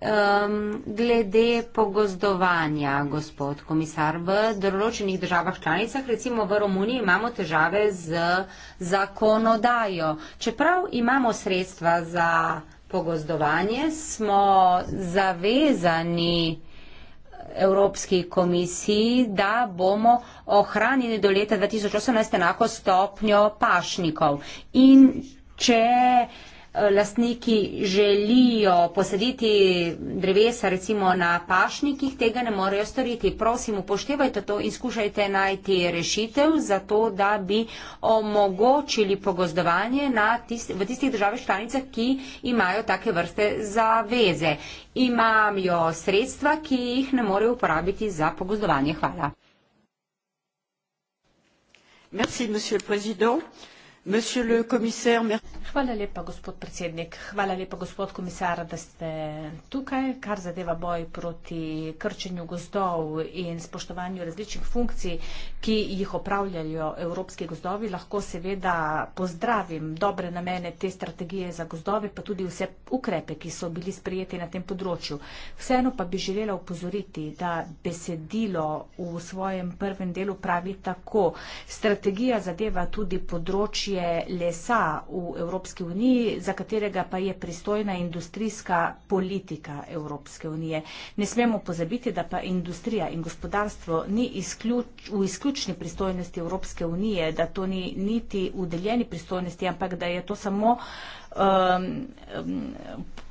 A: Um, glede pogozdovanja, gospod komisar, v določenih državah članicah, recimo v Romuniji, imamo težave z zakonodajo. Čeprav imamo sredstva za pogozdovanje, smo zavezani uh, Evropski komisiji, da bomo ohranili do leta 2018 enako stopnjo pašnikov. In če Eh, lastniki želijo posaditi drevesa recimo na pašnikih, tega ne morejo storiti. Prosim, upoštevajte to in skušajte najti rešitev za to, da bi omogočili pogozdovanje tist, v tistih državih članicah, ki imajo take vrste zaveze. Imajo sredstva, ki jih ne morejo uporabiti za pogozdovanje. Hvala.
B: Merci, Hvala lepa, gospod komisar, da ste tukaj. Kar zadeva boj proti krčenju gozdov in spoštovanju različnih funkcij, ki jih opravljajo evropski gozdovi, lahko seveda pozdravim dobre namene te strategije za gozdove, pa tudi vse ukrepe, ki so bili sprijeti na tem področju. Vseeno pa bi želela upozoriti, da besedilo v svojem prvem delu pravi tako. Strategija zadeva tudi področje področje lesa v Evropski uniji, za katerega pa je pristojna industrijska politika Evropske unije. Ne smemo pozabiti, da pa industrija in gospodarstvo ni izključ, v izključni pristojnosti Evropske unije, da to ni niti v deljeni pristojnosti, ampak da je to samo um, um,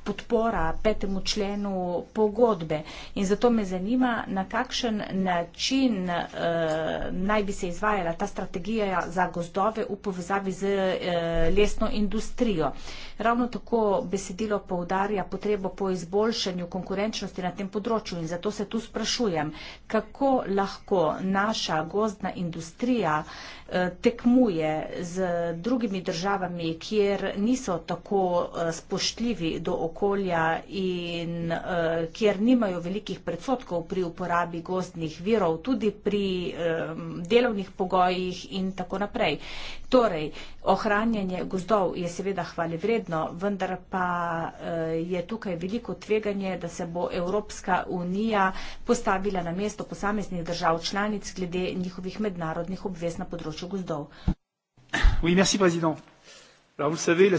B: podpora petemu členu pogodbe. In zato me zanima, na kakšen način eh, naj bi se izvajala ta strategija za gozdove v povezavi z eh, lesno industrijo. Ravno tako besedilo poudarja potrebo po izboljšanju konkurenčnosti na tem področju in zato se tu sprašujem, kako lahko naša gozdna industrija eh, tekmuje z drugimi državami, kjer niso tako eh, spoštljivi do okolja okolja in uh, kjer nimajo velikih predsotkov pri uporabi gozdnih virov, tudi pri um, delovnih pogojih in tako naprej. Torej, ohranjanje gozdov je seveda hvale vredno, vendar pa uh, je tukaj veliko tveganje, da se bo Evropska unija postavila na mesto posameznih držav članic glede njihovih mednarodnih obvez na področju gozdov.
A: Oui, merci, Alors, vous savez, la...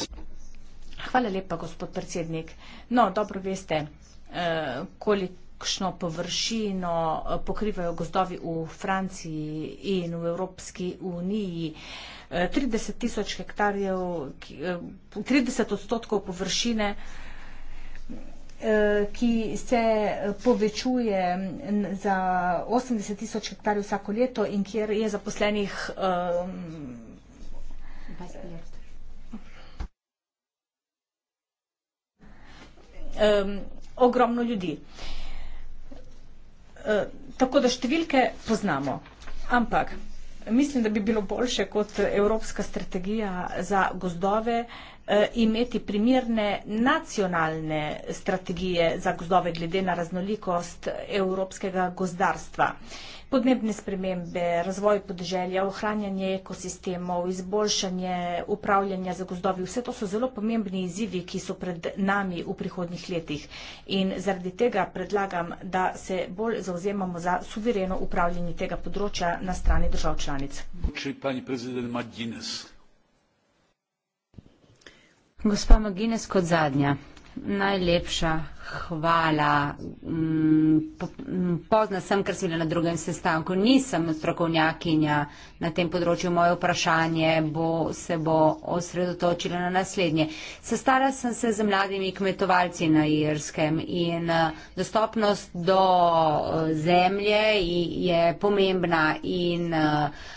B: Hvala lepa, gospod predsednik. No, dobro veste, eh, kolikšno površino eh, pokrivajo gozdovi v Franciji in v Evropski uniji. 30 eh, tisoč hektarjev, 30 odstotkov površine ki se povečuje za 80 tisoč hektarjev vsako leto in kjer je zaposlenih 20 tisoč. um, ogromno ljudi. Uh, tako da številke poznamo. Ampak mislim, da bi bilo boljše kot evropska strategija za gozdove, uh, Eh, imeti primirne nacionalne strategije za gozdove glede na raznolikost evropskega gozdarstva. Podnebne spremembe, razvoj podeželja, ohranjanje ekosistemov, izboljšanje upravljanja za gozdovi, vse to so zelo pomembni izzivi, ki so pred nami v prihodnih letih. In zaradi tega predlagam, da se bolj zauzemamo za suvereno upravljanje tega področja na strani držav članic.
A: Gospa Maginez kot zadnja. Najlepša hvala. Mm, mm, pozna sem, ker sem bila na drugem sestanku. Nisem strokovnjakinja na tem področju. Moje vprašanje bo, se bo osredotočilo na naslednje. Sestala sem se z mladimi kmetovalci na Irskem in eh, dostopnost do eh, zemlje je pomembna in eh,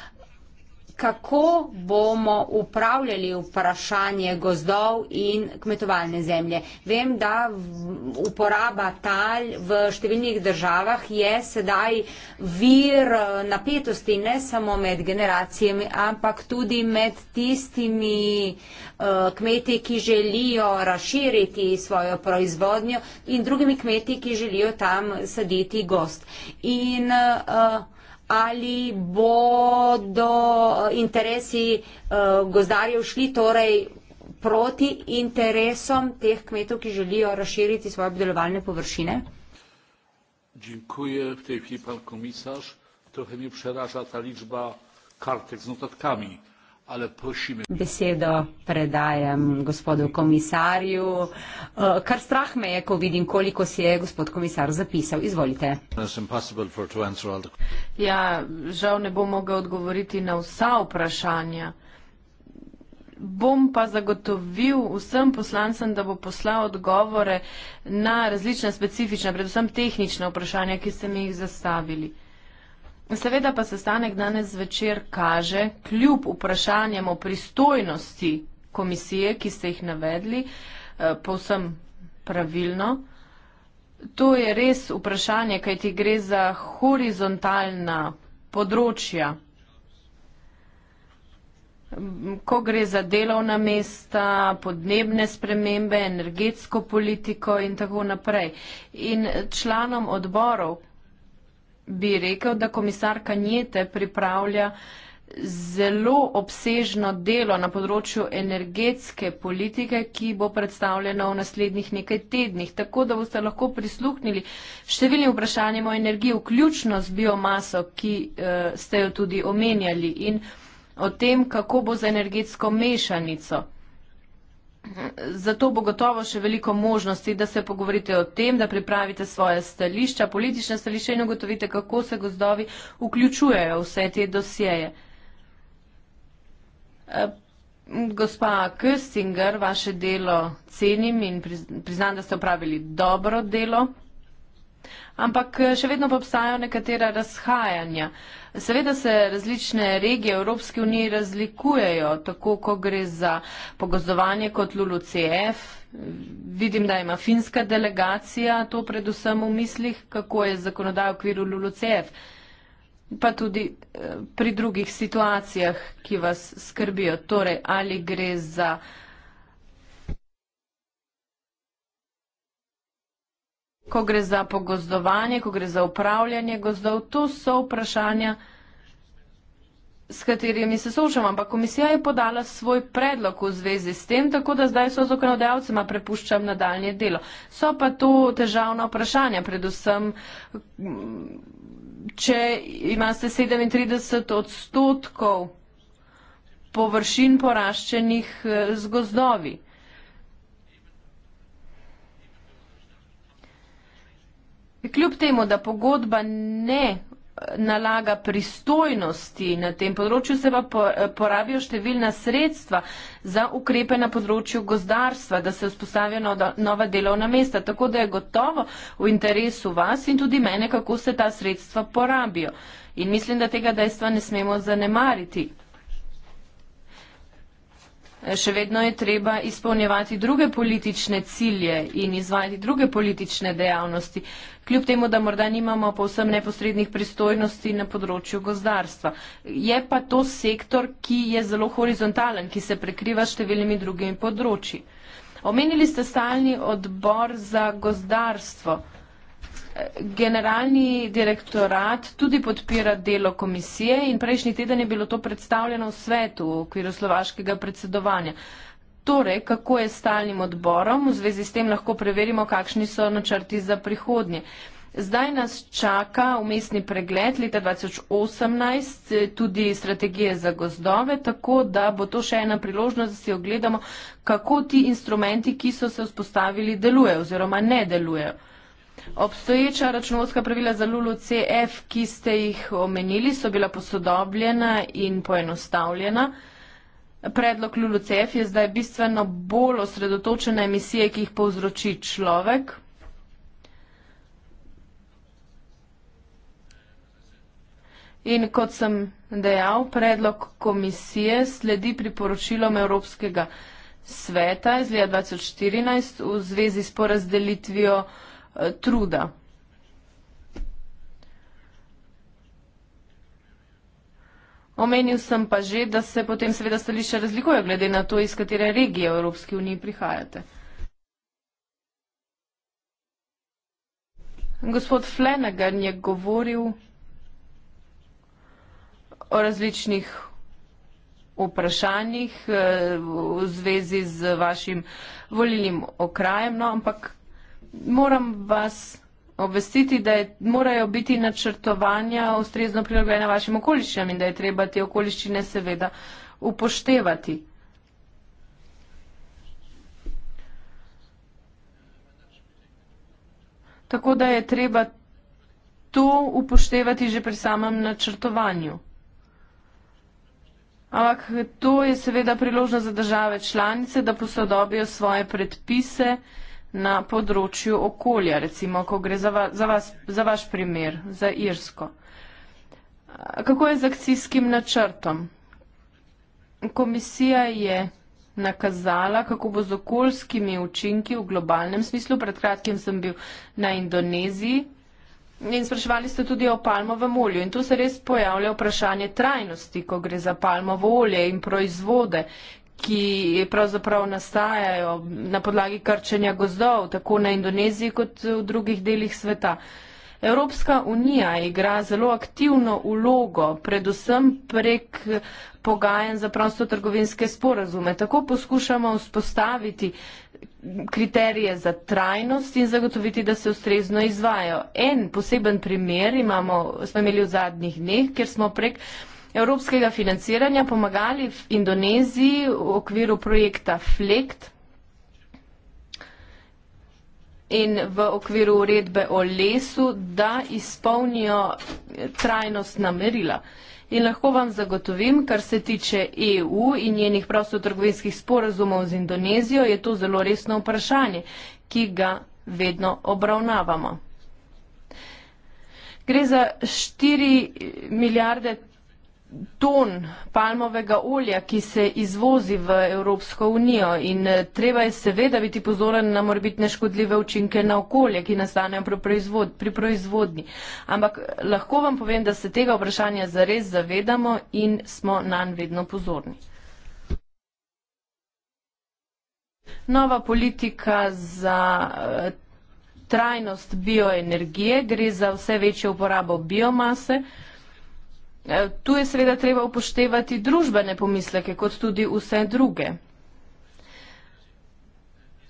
A: kako bomo upravljali vprašanje gozdov in kmetovalne zemlje. Vem, da uporaba talj v številnih državah je sedaj vir eh, napetosti ne samo med generacijami, ampak tudi med tistimi eh, kmeti, ki želijo razširiti svojo proizvodnjo in drugimi kmeti, ki želijo tam saditi gost. In, uh, ali bodo interesi eh, gozdarjev šli torej proti interesom teh kmetov, ki želijo razširiti svoje obdelovalne površine? Dziękuję w tej chwili pan komisarz. Trochę mnie przeraża ta liczba kartek z
B: notatkami.
A: Besedo predajam gospodu komisarju. Eh, kar strah me je, ko vidim, koliko si je gospod komisar zapisal. Izvolite.
C: Ja, žal ne bom mogel odgovoriti na vsa vprašanja. Bom pa zagotovil vsem poslancem, da bo poslal odgovore na različna specifična, predvsem tehnična vprašanja, ki ste mi jih zastavili. Seveda pa sestanek danes zvečer kaže, kljub vprašanjem o pristojnosti komisije, ki ste jih navedli, eh, povsem pravilno. To je res vprašanje, kaj ti gre za horizontalna področja. Ko gre za delovna mesta, podnebne spremembe, energetsko politiko in tako naprej. In članom odborov, bi rekel, da komisar Kanjete pripravlja zelo obsežno delo na področju energetske politike, ki bo predstavljena v naslednjih nekaj tednih. Tako da boste lahko prisluhnili številnim vprašanjem o energiji, vključno z biomaso, ki eh, ste jo tudi omenjali in o tem, kako bo za energetsko mešanico. Zato bo gotovo še veliko možnosti, da se pogovorite o tem, da pripravite svoje stališča, politične stališča in ugotovite, kako se gozdovi vključujejo vse te dosjeje. E, gospa Köstinger, vaše delo cenim in priznam, da ste opravili dobro delo. Ampak eh, še vedno pa obstajajo nekatera razhajanja. Seveda se različne regije Evropske unije razlikujejo, tako ko gre za pogozdovanje kot LULUCF. Vidim, da ima finska delegacija to predvsem v mislih, kako je zakonodaj v okviru LULUCF. Pa tudi eh, pri drugih situacijah, ki vas skrbijo. Torej, ali gre za ko gre za pogozdovanje, ko gre za upravljanje gozdov, to so vprašanja, s katerimi se soočamo. Ampak komisija je podala svoj predlog v zvezi s tem, tako da zdaj so zakonodajalcema prepuščam nadaljnje delo. So pa to težavna vprašanja, predvsem, mm, če imate 37 odstotkov površin poraščenih eh, z gozdovi. Kljub temu, da pogodba ne eh, nalaga pristojnosti na tem področju, se pa eh, porabijo številna sredstva za ukrepe na področju gozdarstva, da se vzpostavijo nova delovna mesta. Tako da je gotovo v interesu vas in tudi mene, kako se ta sredstva porabijo. In mislim, da tega dejstva ne smemo zanemariti. Še vedno je treba izpolnjevati druge politične cilje in izvajati druge politične dejavnosti, kljub temu, da morda nimamo povsem neposrednih pristojnosti na področju gozdarstva. Je pa to sektor, ki je zelo horizontalen, ki se prekriva s številnimi drugimi področji. Omenili ste stalni odbor za gozdarstvo. Generalni direktorat tudi podpira delo komisije in prejšnji teden je bilo to predstavljeno v svetu v okviru slovaškega predsedovanja. Torej, kako je stalnim odborom, v zvezi s tem lahko preverimo, kakšni so načrti za prihodnje. Zdaj nas čaka umestni pregled leta 2018, tudi strategije za gozdove, tako da bo to še ena priložnost, da si ogledamo, kako ti instrumenti, ki so se vzpostavili, delujejo oziroma ne delujejo. Obstoječa računovodska pravila za Lulu CF, ki ste jih omenili, so bila posodobljena in poenostavljena. Predlog Lulu CF je zdaj bistveno bolj osredotočen na emisije, ki jih povzroči človek. In kot sem dejal, predlog komisije sledi priporočilom Evropskega sveta iz leta 2014 v zvezi s porazdelitvijo Eh, truda. Omenil sem pa že, da se potem seveda stališča razlikujejo glede na to, iz katere regije v Evropski uniji prihajate. Gospod Flanagan je govoril o različnih vprašanjih eh, v zvezi z vašim volilnim okrajem, no, ampak moram vas obvestiti, da je, morajo biti načrtovanja ustrezno prilagojena vašim okoliščinam in da je treba te okoliščine seveda upoštevati. Tako da je treba to upoštevati že pri samem načrtovanju. Ampak to je seveda priložnost za države članice, da posodobijo svoje predpise in na področju okolja, recimo, ko gre za, za, vas, za vaš primer, za Irsko. Kako je z akcijskim načrtom? Komisija je nakazala, kako bo z okoljskimi učinki v globalnem smislu. Pred kratkim sem bil na Indoneziji in spraševali ste tudi o palmovem olju. In tu se res pojavlja vprašanje trajnosti, ko gre za palmovo olje in proizvode, ki pravzaprav nastajajo na podlagi krčenja gozdov, tako na Indoneziji kot v drugih delih sveta. Evropska unija igra zelo aktivno ulogo, predvsem prek pogajanj za prostotrgovinske sporazume. Tako poskušamo vzpostaviti kriterije za trajnost in zagotoviti, da se ustrezno izvajo. En poseben primer imamo, smo imeli v zadnjih dneh, kjer smo prek evropskega financiranja pomagali v Indoneziji v okviru projekta FLEKT in v okviru uredbe o lesu, da izpolnijo trajnostna merila. In lahko vam zagotovim, kar se tiče EU in njenih prostotrgovinskih sporazumov z Indonezijo, je to zelo resno vprašanje, ki ga vedno obravnavamo. Gre za 4 milijarde ton palmovega olja, ki se izvozi v Evropsko unijo in eh, treba je seveda biti pozoren na morbitne škodljive učinke na okolje, ki nastanejo pri, proizvod, pri proizvodni. Ampak eh, lahko vam povem, da se tega vprašanja zares zavedamo in smo nanj vedno pozorni. Nova politika za eh, trajnost bioenergije gre za vse večjo uporabo biomase. Eh, tu je seveda treba upoštevati družbene pomisleke, kot tudi vse druge.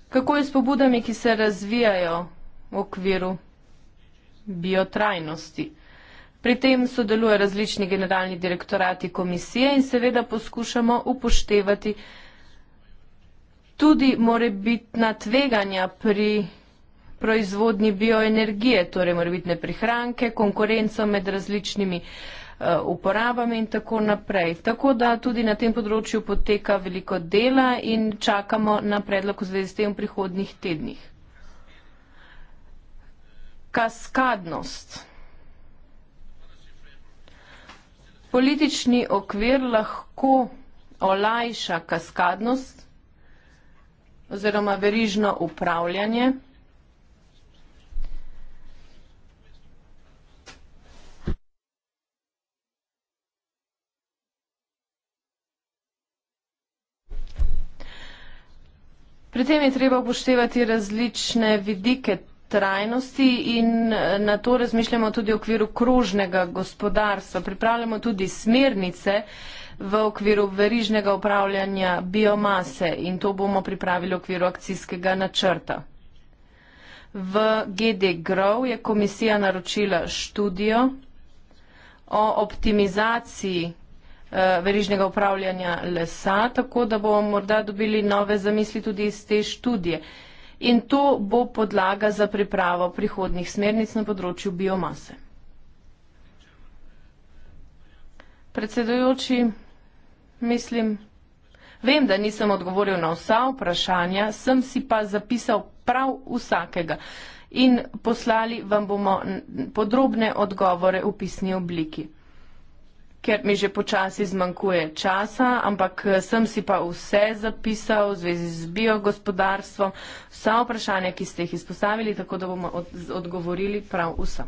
C: Kako je s pobudami, ki se razvijajo v okviru biotrajnosti? Pri tem sodeluje različni generalni direktorati komisije in seveda poskušamo upoštevati tudi morebitna tveganja pri proizvodnji bioenergije, torej morebitne prihranke, konkurenco med različnimi uh, Eh, uporabami in tako naprej. Tako da tudi na tem področju poteka veliko dela in čakamo na predlog v zvezi s tem v prihodnih tednih. Kaskadnost. Politični okvir lahko olajša kaskadnost oziroma verižno upravljanje. Pri tem je treba upoštevati različne vidike trajnosti in eh, na to razmišljamo tudi v okviru krožnega gospodarstva. Pripravljamo tudi smernice v okviru verižnega upravljanja biomase in to bomo pripravili v okviru akcijskega načrta. V GD Grow je komisija naročila študijo o optimizaciji Eh, verižnega upravljanja lesa, tako da bomo morda dobili nove zamisli tudi iz te študije. In to bo podlaga za pripravo prihodnih smernic na področju biomase. Predsedujoči, mislim, vem, da nisem odgovoril na vsa vprašanja, sem si pa zapisal prav vsakega in poslali vam bomo podrobne odgovore v pisni obliki ker mi že počasi zmanjkuje časa, ampak eh, sem si pa vse zapisal v zvezi z biogospodarstvom, vsa vprašanja, ki ste jih izpostavili, tako da bomo odgovorili prav vsem.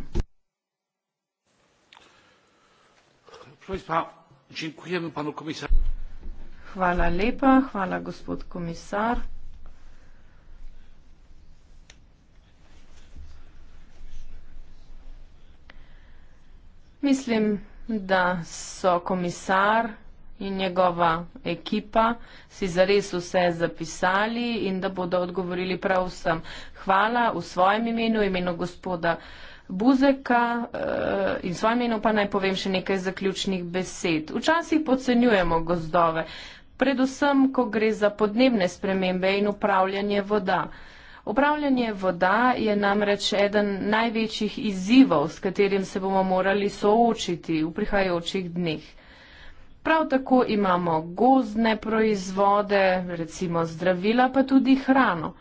C: Hvala lepa, hvala gospod komisar. Mislim, da so komisar in njegova ekipa si zares vse zapisali in da bodo odgovorili prav vsem. Hvala v svojem imenu, imenu gospoda Buzeka eh, in svojem imenu pa naj povem še nekaj zaključnih besed. Včasih podcenjujemo gozdove, predvsem, ko gre za podnebne spremembe in upravljanje voda. Upravljanje voda je namreč eden največjih izzivov, s katerim se bomo morali soočiti v prihajajočih dneh. Prav tako imamo gozdne proizvode, recimo zdravila, pa tudi hrano.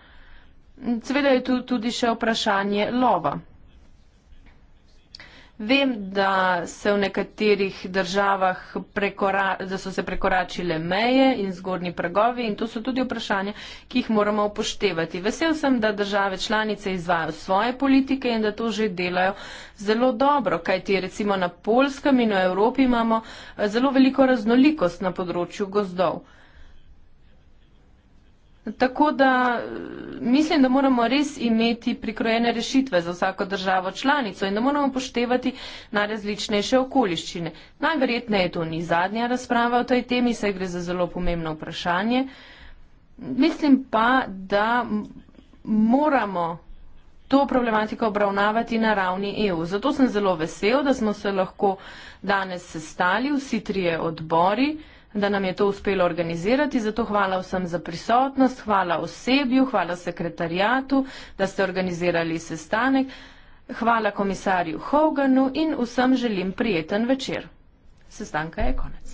C: Seveda je tu tudi še vprašanje lova. Vem, da, se nekaterih državah prekora, da so se prekoračile meje in zgornji pregovi in to so tudi vprašanja, ki jih moramo upoštevati. Vesel sem, da države članice izvajo svoje politike in da to že delajo zelo dobro, kajti recimo na Polskem in v Evropi imamo eh, zelo veliko raznolikost na področju gozdov. Tako da mislim, da moramo res imeti prikrojene rešitve za vsako državo članico in da moramo poštevati najrazličnejše okoliščine. Najverjetneje to ni zadnja razprava o tej temi, saj gre za zelo pomembno vprašanje. Mislim pa, da moramo to problematiko obravnavati na ravni EU. Zato sem zelo vesel, da smo se lahko danes sestali vsi trije odbori da nam je to uspelo organizirati. Zato hvala vsem za prisotnost, hvala osebju, hvala sekretarijatu, da ste organizirali sestanek. Hvala komisarju Hoganu in vsem želim prijeten večer. Sestanka je konec.